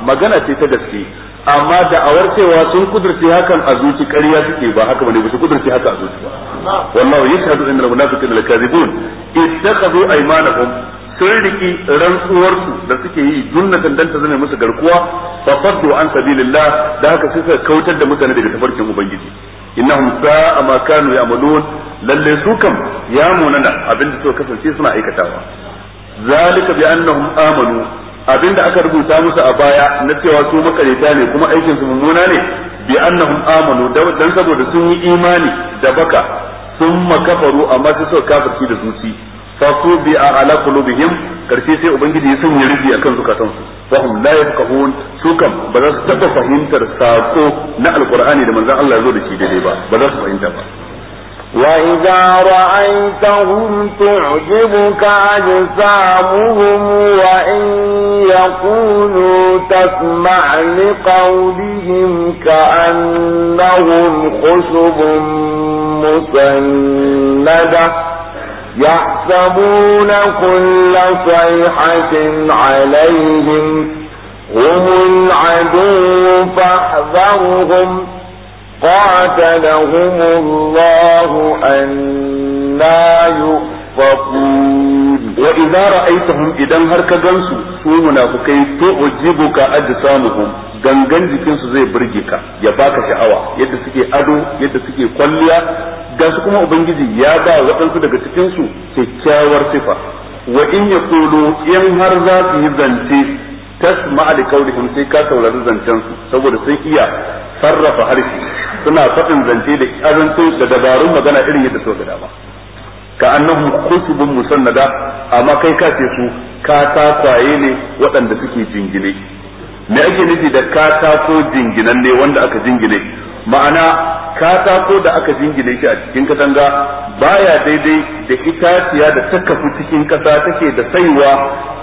magana ce ta gaske amma da da'awar cewa sun kudurci hakan a zuci ƙarya suke ba haka bane ba su kudurci haka a zuci ba wallahu yashhadu innal munafiqina lakazibun ittakhadhu aymanahum sun riki rantsuwarsu da suke yi junnatan dan ta zame musu garkuwa fa faddu an sabilillah da haka suka kautar da mutane daga tafarkin ubangiji innahum sa'a ma kanu ya'malun lalle su kam ya munana abinda suka kasance suna aikatawa zalika bi annahum amanu Abin da aka rubuta musu a baya na cewa su makareta ne kuma aikin su mummuna ne bi annahum amanu dan saboda sun yi imani da baka sun makafaru amma sai suka kafirci da zuci fa su bi ala qulubihim karshe sai ubangiji ya sanya rubi akan zukatan su wa hum la yafqahun su kam ba za su taba fahimtar sako na alqur'ani da manzon Allah ya zo da shi daidai ba ba za su fahimta ba وإذا رأيتهم تعجبك أجسامهم وإن يقولوا تسمع لقولهم كأنهم خشب مسندة يحسبون كل صيحة عليهم هم العدو فاحذرهم قاتلهم الله أنا يؤفكون وإذا رأيتهم إذا هرك جنسو سو منافقين تعجبك أجسامهم gangan jikinsu zai burge ka ya baka sha'awa yadda suke ado yadda suke kwalliya ga su kuma ubangiji ya ba waɗansu daga cikinsu kyakkyawar sifa wa in ya in har za su yi zance tasma'a da kaulihim sai ka saurari zancen su saboda sai iya sarrafa harshe suna faɗin zance da azanto da dabarun magana irin yadda suka gada ba ka annahu kutubun musannada amma kai ka ce su katakwaye ne waɗanda suke jingine me ake nufi da jinginan ne wanda aka jingine ma'ana katako da aka jingine shi a cikin katanga baya daidai da itaciya da ta kafu cikin kasa take da saiwa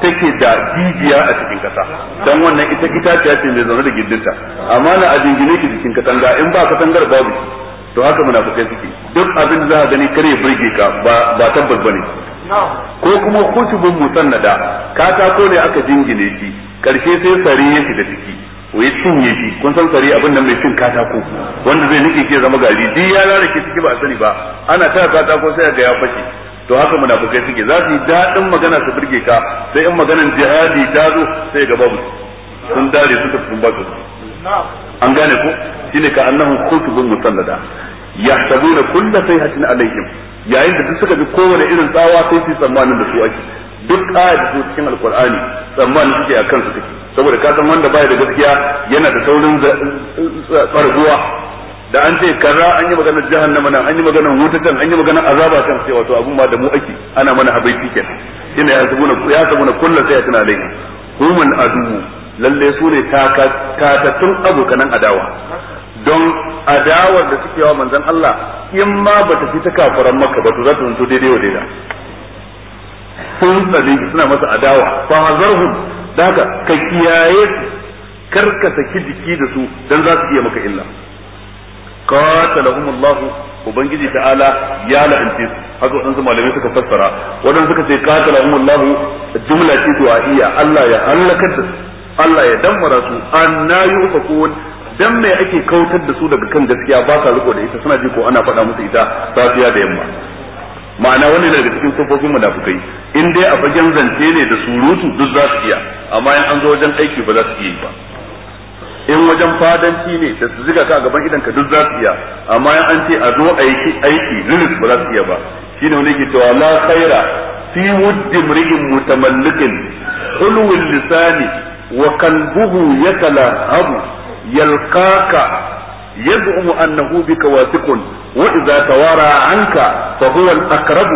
take da jijiya a cikin kasa dan wannan ita itaciya ce mai zaune da gindinta amma na a jingine shi cikin katanga in ba katangar babu to haka munafikai suke duk abin da za gani kare burge ka ba ba tabbas bane ko kuma kutubun musannada katako ne aka jingine shi karshe sai sare ya shiga ciki ko ya cinye shi kun san sare abin nan mai cin katako wanda zai nike ke zama gari duk ya lalace ciki ba a sani ba ana ta katako sai ga ya fashe to haka munafukai suke za su yi daɗin magana su burge ka sai in maganar jihadi ta zo sai ga babu sun dare su tafi sun ba an gane ko shine ka annahum khutubun musallada yahsabuna kullu sayhatin alaihim yayin da duk suka bi kowane irin tsawa sai su tsammanin da su ake duk ayat da cikin alkur'ani tsammani suke a kansu take saboda ka san wanda baya da gaskiya yana da saurin tsarguwa da an ce kaza an yi magana jahannama nan an yi magana wuta an yi magana azaba can sai wato abun ma da mu ake ana mana habai kenan ina ya sabuna ya sabuna kullu sai tana dai human adu lalle su ne tatattun abokanan adawa don adawar da suke yawa manzon Allah in ma bata fi ta kafaran maka ba to za ta zanto daidai wa daidai sun tsare shi suna masa adawa fa hazarhum daga ka kiyaye su kar saki jiki da su dan za su iya maka illa qatalahum Allah ubangiji ta'ala ya la'ance su haka wadansu malamai suka fassara wadansu suka ce qatalahum Allah jumla ce iya. Allah ya halakar da su Allah ya dammara su anna yufakun dan me ake kautar da su daga kan gaskiya ba ka riko da ita suna ji ko ana faɗa musu ita safiya da yamma ma'ana wani daga cikin sufofin munafukai in dai a fagen zance ne da surutu duk za su iya amma in an zo wajen aiki ba za su iya ba in wajen fadanci ne da su ziga ka gaban idan ka duk za su iya amma in an ce a zo aiki aiki lilis ba za su iya ba shi ne wani ke cewa la khaira fi wuddi mri'in mutamallikin hulwul lisani wa qalbuhu yatalahabu yalqaka يزعم أنه بك واثق وإذا توارى عنك فهو الأقرب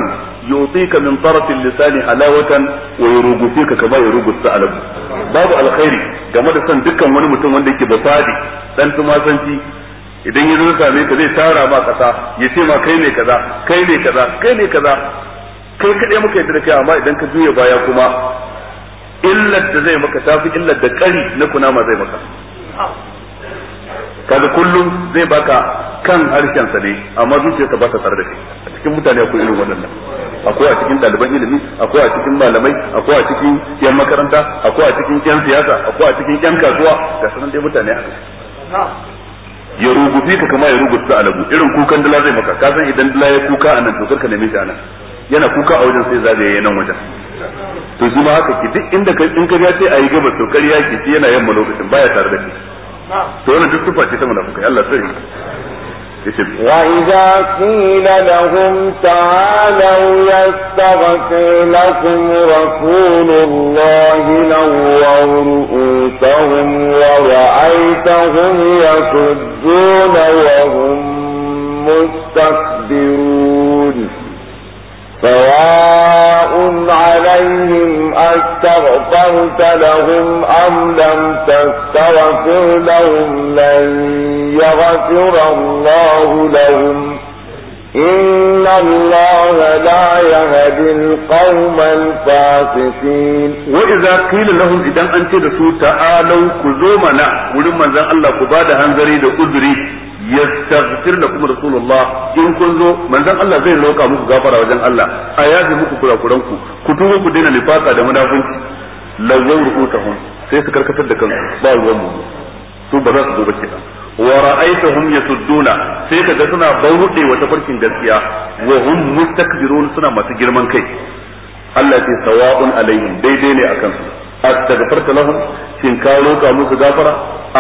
يعطيك من طرف اللسان حلاوة ويروج فيك كما يروج الثعلب باب الخير كما تسن دكا wani mutum wanda ke basadi dan tumasanci idan ya zo same ka zai tara ma kasa ya ce ma kai ne kaza kai ne kaza kai ne kaza kai kaɗai muka yi da amma idan ka juya baya kuma illar da zai maka tafi illar da kari na kunama zai maka kaga kullum zai baka kan harshen sa ne amma zuciya ta baka tare da kai a cikin mutane akwai irin waɗannan akwai a cikin ɗaliban ilimi akwai a cikin malamai akwai a cikin yan makaranta akwai a cikin yan siyasa akwai a cikin yan kasuwa ga sanan dai mutane a ya rubuce ka kama ya rubuta alabu irin kukan dala zai maka kasan idan dala ya kuka a nan to karka neme shi a nan yana kuka a wajen sai zagaye nan wajen to zuma haka ki duk inda in ka ga sai a yi gaba to kariya ki yana yamma lokacin baya tare da shi. to wannan duk sufa ce ta munafukai Allah sai yace wa idza qila lahum ta'alu yastaghfir lakum rasulullahi lawu rusuhum wa ra'aytahum yasudduna wa hum mustakbirun سواء عليهم أستغفرت لهم أم لم تستغفر لهم لن يغفر الله لهم إن الله لا يهدي القوم الفاسقين وإذا قيل لهم إذا أنت رسول تعالوا كذومنا ولما ذا الله كبادة هنزري لأذري yastaghfir lakum rasulullah in kun zo manzon Allah zai roka muku gafara wajen Allah a yafi muku kurakuran ku ku tuba ku daina nifaka da munafunci law yawruhum sai su karkatar da kansu ba ruwan mu su ba za su zo ba kenan wa ra'aytahum yasudduna sai kaga suna bauɗe wata farkin gaskiya wa hum mustakbirun suna masu girman kai Allah ya ce sawa'un alaihim daidai ne akan su astaghfarta lahum shin ka roka musu gafara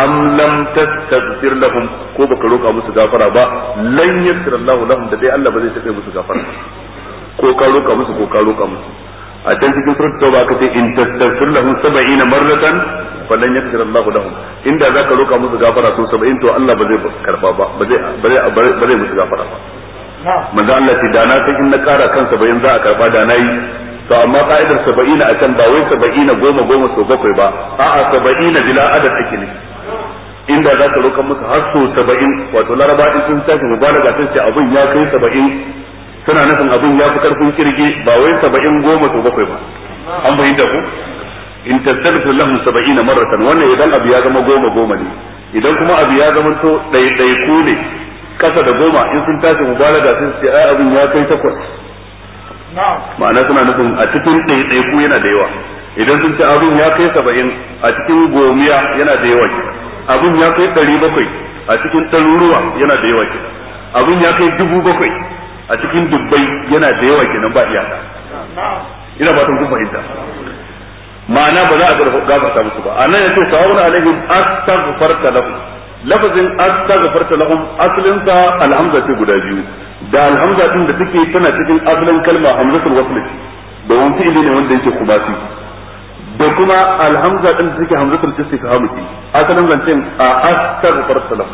am lam tastaghfir lahum ko baka roka musu gafara ba lan yaghfir Allahu lahum da dai Allah ba zai tafi gafara ko ka musu ko ka musu a can cikin surat ba ka ce in tastaghfir lahum 70 marratan falan yaghfir Allahu lahum inda zaka roka musu gafara to 70 to Allah ba zai ba ba zai musu gafara ba Allah ce na in na kara kansa bayan za a karba da yi to amma ka'idar 70 a can ba wai 70 goma goma sau bakwai ba a'a 70 bila adad ake ne inda za ka roƙa musu har so 70 wato laraba in sun tashi mubalaga sun ce abin ya kai 70 suna nufin abin ya fi karfin kirki ba wai saba'in goma sau bakwai ba an da ku in tastagfir lahum saba'ina maratan wannan idan abu ya zama goma goma ne idan kuma abu ya zama to ɗaiɗaiku ne kasa da goma in sun tashi mubalaga sun ce ai abin ya kai takwas ma'ana suna nufin a cikin ɗaiɗaiku yana da yawa idan sun ce abin ya kai saba'in a cikin gomiya yana da yawa abin ya kai ɗari bakwai a cikin ɗaruruwa yana da yawa abin ya kai dubu bakwai a cikin dubbai yana da yawa nan ba iyaka ina ba ta kun fahimta ma'ana ba za a gafarta musu ba anan yace sawun alaihim astaghfarta lahum lafazin astaghfarta lahum aslin sa alhamza guda biyu da alhamza din da take tana cikin asalin kalma hamzatul wasl domin fi'ili ne wanda yake kubasi da kuma alhamza din da take hamzatul istifham ce asalin zancen a astaghfar salam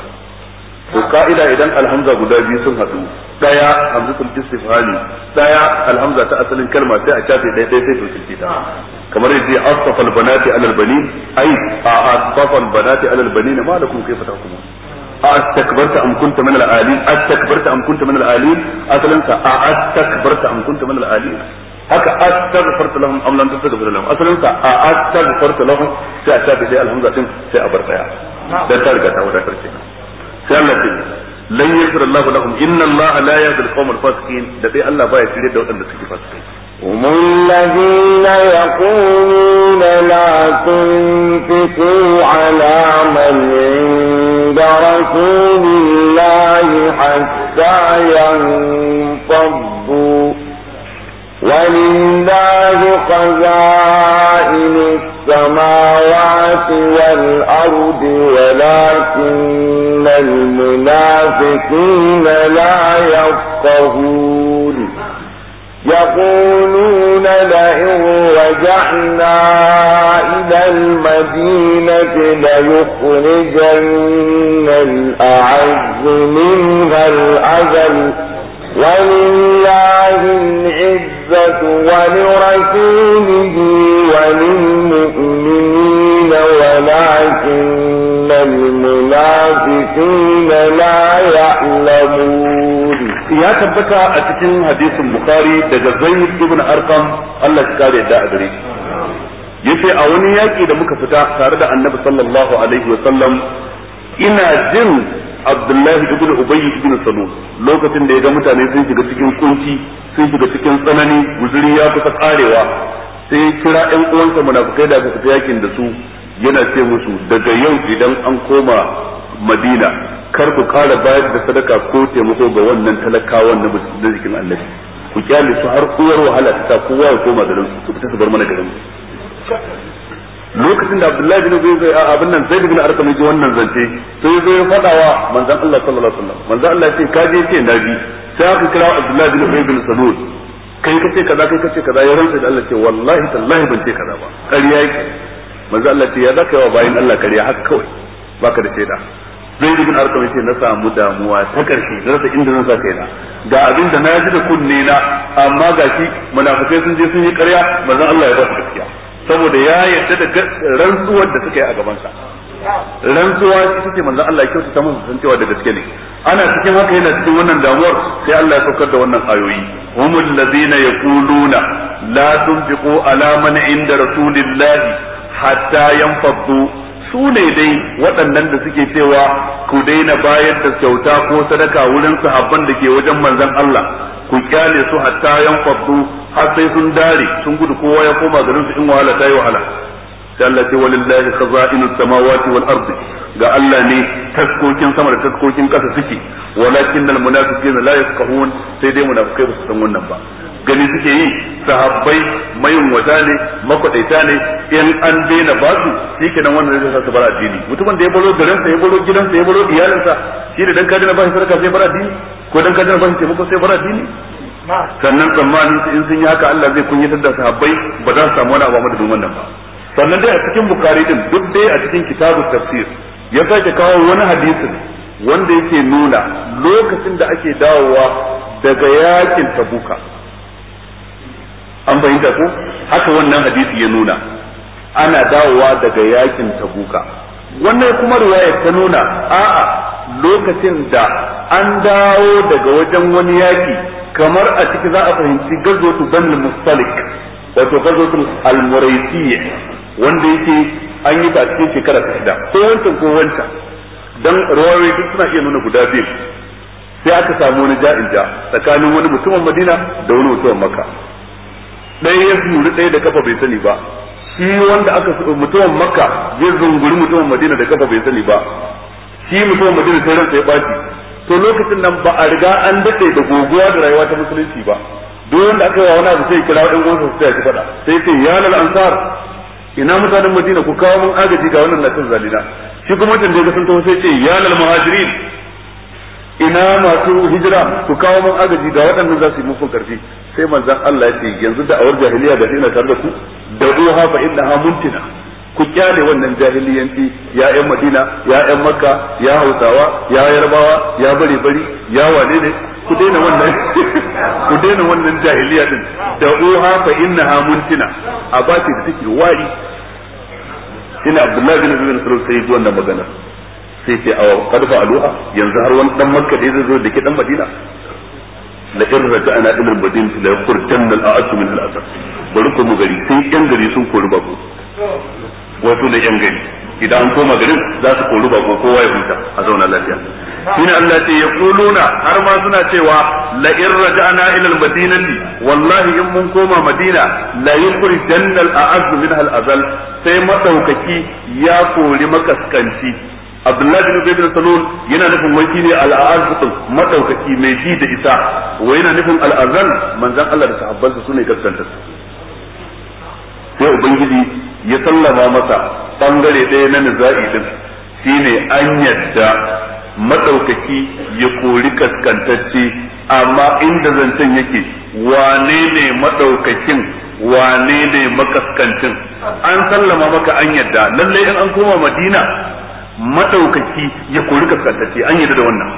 to ka'ida idan alhamza guda biyu sun hadu daya hamzatul istifhami daya alhamza ta asalin kalma sai a shafe daya daya sai to sai ta kamar yadda asfafal banati alal banin ai a asfafal banati alal banin ma lakum kayfa tahkumun أستكبرت أم كنت من العالين أستكبرت أم كنت من العالين أصلا كنت من العالين am lam tastaghfir lahum asalin sa a astaghfirtu lahum sai a tafi sai alhamza din sai a bar daya dan ta riga ta wadatar kenan sai Allah ce lan yaghfir Allahu lahum inna Allaha da dai Allah baya هم الذين يقولون لا تنفقوا على من عند رسول الله حتى ينفضوا ولله خزائن السماوات والأرض ولكن المنافقين لا يفقهون يقولون لئن رجعنا إلى المدينة ليخرجن الأعز منها الأذل ولله العزة ولرسوله وللمؤمنين ولكن المنافقين لا يعلمون ya tabbata a cikin hadisin bukhari daga zaid ibn arqam Allah ya kare da a gare yace a wani yaki da muka fita tare da annabi sallallahu alaihi wa sallam ina jin Abdullahi ibn Ubay ibn Salul lokacin da ya ga mutane sun shiga cikin kunci sun shiga cikin tsanani guzuri ya kusa karewa sai kira ƴan uwansa munafikai da aka fita yakin da su yana ce musu daga yau idan an koma madina kar ku kara bayar da sadaka ko taimako ga wannan talakawan na da jikin ku kyale su har kuwar wahala ta kowa ya koma garin su fita su bar mana garin lokacin da Abdullahi bin Ubay zai abin nan Zaid bin Arqam ji wannan zance sai zai fada wa manzon Allah sallallahu alaihi wasallam manzon Allah ce ka je ce nabi sai aka kira Abdullahi bin Ubay bin Salul kai kace kaza kai kace kaza ya rantsa da Allah ce wallahi tallahi ban ce kaza ba kariya yake manzon Allah ce ya zaka wa bayin Allah kariya haka kawai baka da shaida zai arka mai ce na samu damuwa ta karshe na rasa inda zan sa kaina ga abin da na ji da kunne na amma ga shi munafikai sun je sun yi ƙarya manzon Allah ya ba su gaskiya saboda ya yarda da rantsuwar da suka yi a gaban sa rantsuwa shi take manzon Allah ya kyautata musu san cewa da gaske ne ana cikin haka yana cikin wannan damuwar sai Allah ya saukar da wannan ayoyi humul ladina yaquluna la tunfiqu ala man inda rasulillahi hatta yanfaddu su ne dai waɗannan da suke cewa ku daina bayar da kyauta ko sadaka wurin sahabban da ke wajen manzon Allah ku kyale su hatta yan faɗu har sai sun dare sun gudu kowa ya koma garin su in wahala ta yi wahala sai Allah ce walillahi khaza'inus samawati wal ardi ga Allah ne taskokin sama da taskokin ƙasa suke walakin walakinnal munafiqina la yafqahun sai dai munafikai ba su san wannan ba gani suke yi sahabbai mayun wata ne makwadaita ne in an daina ba su shi kenan wannan zai sa su bar addini mutumin da ya baro garin sa ya baro gidan sa ya baro iyalin sa, shi da dan ka ba shi sarka sai bar addini ko dan ka ba shi taimako sai bar addini sannan tsammanin su in sun yi haka Allah zai kunyatar da sahabbai ba za su samu wani abu madadin wannan ba sannan dai a cikin bukari din duk dai a cikin kitabu tafsir ya sake kawo wani hadisin wanda yake nuna lokacin da ake dawowa daga yakin tabuka an fahimta ko haka wannan hadisi ya nuna ana dawowa daga yakin tabuka wannan kuma riwaya ta nuna a'a lokacin da an dawo daga wajen wani yaki kamar a ciki za a fahimci gazotu banil mustalik wato gazotu al-muraisiyya wanda yake an yi ta cikin shekara ta shida ko wancan ko wancan dan rawayoyi duk suna iya nuna guda biyu sai aka samu wani ja'in ja tsakanin wani mutumin Madina da wani mutumin Makka ɗaya ya zunguri ɗaya da kafa bai sani ba shi wanda aka mutumin makka zai zunguri mutumin madina da kafa bai sani ba shi mutumin madina sai ransa ya ɓaci to lokacin nan ba a riga an daɗe da goguwa da rayuwa ta musulunci ba duk wanda aka yi wa wani abu sai kira ɗan uwansa su taya shi faɗa sai ce ya lal ansar ina mutanen madina ku kawo mun agaji ga wannan na cin zalina shi kuma mutum da ya ga sun tafi sai ce ya lal muhajirin ina masu hijira su kawo mun agaji ga waɗannan za su yi musu karfi sai manzon Allah ya ce yanzu da awar jahiliya da ina tare da ku da ruha fa innaha muntina ku kyale wannan jahiliyanci ya yan Madina ya yan Makka ya Hausawa ya Yarbawa ya bari bari ya wane ne ku daina wannan ku daina wannan jahiliya din da ruha fa innaha muntina a ba da take wari ina Abdullahi bin Zubair sai wannan magana sai ce aw qad fa'aluha yanzu har wani dan makka da zai zo da ke dan madina la in raja'na ila al-madin la yakhrujanna al-a'at min al-asad bari ko mu gari sai yan gari sun kori bako wato da yan gari idan an koma garin za su kori bako kowa ya huta a zauna lafiya shine Allah ce ya kuluna har ma suna cewa la in raja'na ila al-madinati wallahi in mun koma madina la yukhrijanna al-a'az min al-azal sai madaukaki ya kori makaskanci abdullahi bin zaid bin salul yana nufin wai shine al-azim madaukaki mai ji da isa wa yana nufin al-azan manzon Allah da sahabbansa sune gaskanta sai ubangiji ya sallama masa bangare ɗaya na nizai din shine an yadda madaukaki ya kori kaskantacce amma inda zancen yake wane ne madaukakin wane ne makaskancin an sallama maka an yadda lallai in an koma madina madaukaki ya kori kaskantacce an yi da wannan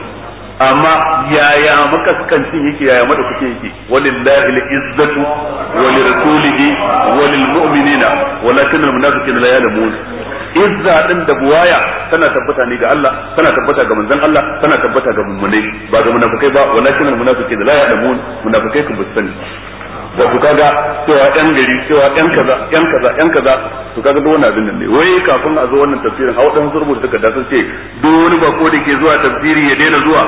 amma yaya makaskancin yake yaya madaukaki yake walillahi al-izzatu wa lirasulihi wa lilmu'minina walakin al-munafiqina la ya'lamun izza din da buwaya tana tabbata ne ga Allah tana tabbata ga manzon Allah tana tabbata ga mummunai ba ga munafikai ba walakin al-munafiqina la ya'lamun munafikai kun sani da su kaga cewa yan gari cewa yan kaza yan kaza yan kaza su kaga duk wannan abin ne wai kafin a zo wannan tafsirin hawa dan zurbu da suka dace ce duk wani bako da ke zuwa tafsiri ya daina zuwa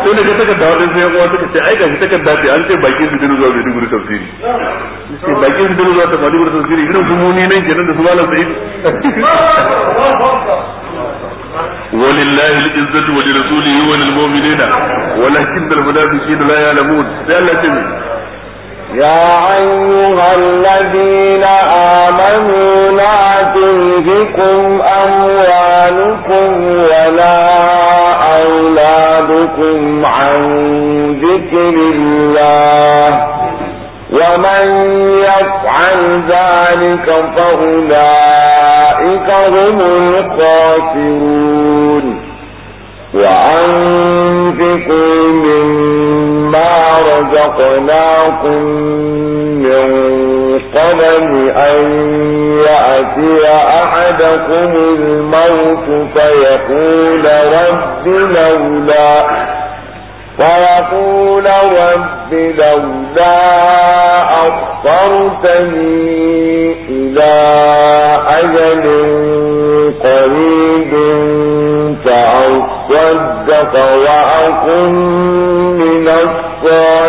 sai da take da wadansu sai kuma take ce ai ga take da ce an ce baki su dinu zuwa Maiduguri tafsiri sai baki su dinu zuwa Maiduguri tafsiri irin gumuni nan kenan da su malam sai ولله العزة ولرسوله وللمؤمنين ولكن المنافقين لا يعلمون سألتني يا أيها الذين آمنوا لا تلهكم أموالكم ولا أولادكم عن ذكر الله ومن يفعل ذلك فأولئك أولئك هم الخاسرون وأنفقوا مما رزقناكم من قبل أن يأتي أحدكم الموت فيقول رب لولا ويقول رب لولا أخرتني إلى أجل قريب فأصدق وأكن من الصالحين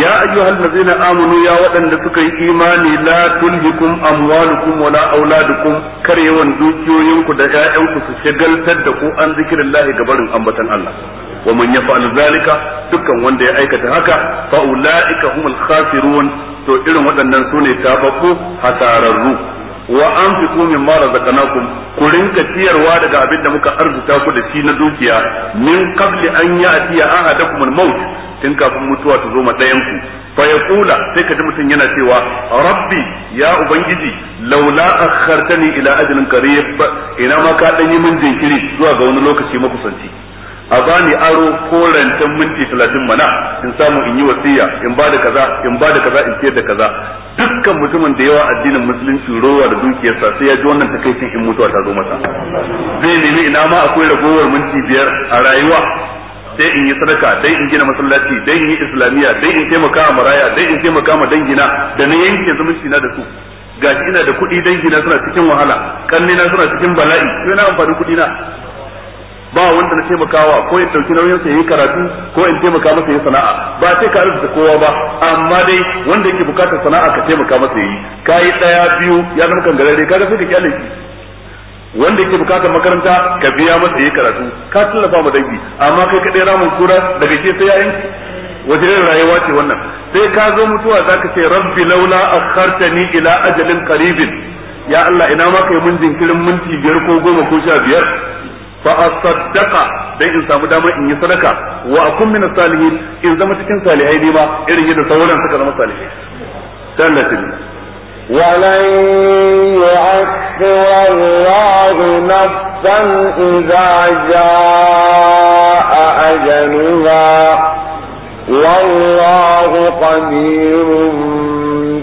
يا أيها الذين آمنوا يا وطن لسك إيمان لا تلهكم أموالكم ولا أولادكم كريوان دوتيو ينكو دجائعكم سشغل تدقوا عن ذكر الله قبل أنبتن الله wa man yaf'al zalika dukkan wanda ya aikata haka fa ulaika humul khasirun to irin waɗannan sune tababbu hasararru wa anfiqu mimma razaqnakum ku rinka ciyarwa daga abin da muka arzuta ku da shi na dukiya min qabli an ya'tiya ahadakum al-maut tun kafin mutuwa ta zo ma ɗayan ku fa yaqula sai ka ji mutum yana cewa rabbi ya ubangiji laula akhartani ila ajalin qarib ina ma ka yi min jinkiri zuwa ga wani lokaci makusanci a bani aro ko rancen minti talatin mana in samu in yi wasiya in ba da kaza in ba da kaza in ciyar da kaza dukkan mutumin da yawa addinin musulunci rowa da dukiyarsa sai ya ji wannan takaicin in mutuwa ta zo masa zai nemi ina ma akwai ragowar minti biyar a rayuwa dai in yi sadaka dai in gina masallaci dai in yi islamiyya dai in taimaka a maraya dai in taimaka ma dangina da na yanke zumunci na da su gashi ina da kuɗi dangina suna cikin wahala kannina suna cikin bala'i sai na amfani kuɗi na ba wanda na taimakawa ko in dauki nauyin sa yayi karatu ko in taimaka masa yayi sana'a ba sai ka rubuta kowa ba amma dai wanda yake bukatar sana'a ka taimaka masa yayi kai daya biyu ya zama kan garare kaga sai ka kyale shi wanda yake bukatar makaranta ka biya masa yayi karatu ka tallafa ma dangi amma kai ka kadai ramin kura daga ke sai yayin wace rayuwa ce wannan sai ka zo mutuwa zaka ce rabbi laula akhartani ila ajalin qaribin ya Allah ina ma kai mun jinkirin minti biyar ko goma ko sha biyar fa asaddaqa dai in samu dama in yi sadaka wa akun min salihin in zama cikin salihai ne ba irin yadda sauran suka zama salihai sallatin ولن يعخر الله نفسا إذا جاء أجلها والله قدير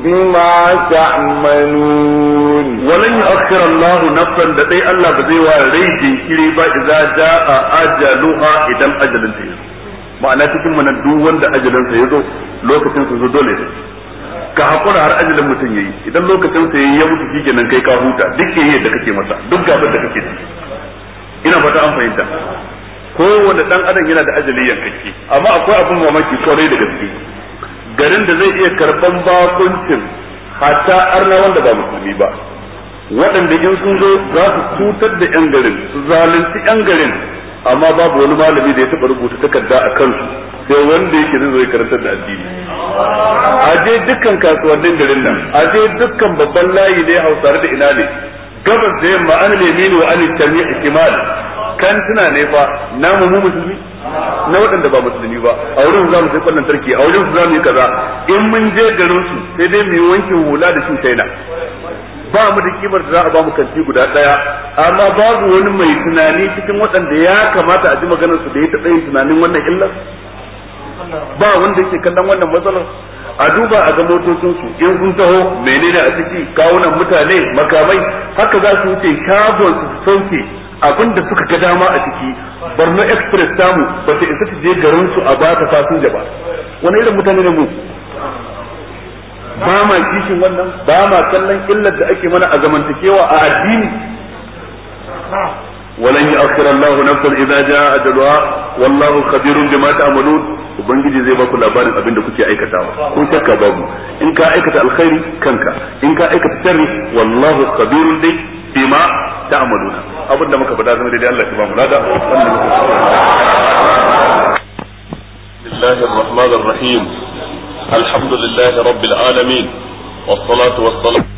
بما تعملون ولن يؤخر الله نفسا لدي الله بزيوا ريجي كريبا إذا جاء أجلها إذا أجل الفيز معنى تكون من duk wanda ajalinsa ya zo lokacin su دولي ka hakura har ajalin mutum yayi idan lokacin sa yayi ya mutu kike nan kai ka huta duk yayi da kake masa duk gaban da kake ina fata an fahimta kowanne dan adam yana da ajali yankake amma akwai abun mamaki kwarai da gaske garin da zai iya karban bakuncin hatta arna wanda ba musulmi ba waɗanda in sun zo za su cutar da yan garin su zalunci yan garin amma babu wani malami da ya taɓa rubuta takarda a kansu sai wanda yake zai zai karantar da addini a je dukkan kasuwannin garin nan a je dukkan babban layi ne hausare da ina ne gabas da yamma an ne wa an tamiya kimal kan tuna ne fa namu mu musulmi na waɗanda ba musulmi ba a wurin za mu sai kwallon tarki a wurin za mu yi kaza in mun je garin su sai dai mu yi wankin hula da shin kaina ba mu da kimar da za a ba mu kanti guda ɗaya. amma babu wani mai tunani cikin waɗanda ya kamata a ji maganar su da ya taɓa yin tunanin wannan illar ba wanda yake kallon wannan matsalar a duba a ga motocin su in sun taho menene a ciki kawunan mutane makamai haka za su wuce shagon su sauke abinda suka ga dama a ciki barno express tamu ba ta isa ta je garin su a ba ta fasinja ba wani irin mutane ne mu ba ma kishin wannan ba ma kallon illar da ake mana a zamantakewa a addini ولن يؤخر الله نفسا اذا جاء اجلها والله خبير بما تعملون ubangiji zai baku labarin abin da kuke aikatawa ko shakka babu in ka aikata alkhairi kanka in ka aikata sharri wallahu khabirun dai bima ta'maluna abin da muka faɗa zama daidai Allah ya ba mu lada Bismillahir Rahmanir Rahim Alhamdulillahi Rabbil Alamin والصلاة والسلام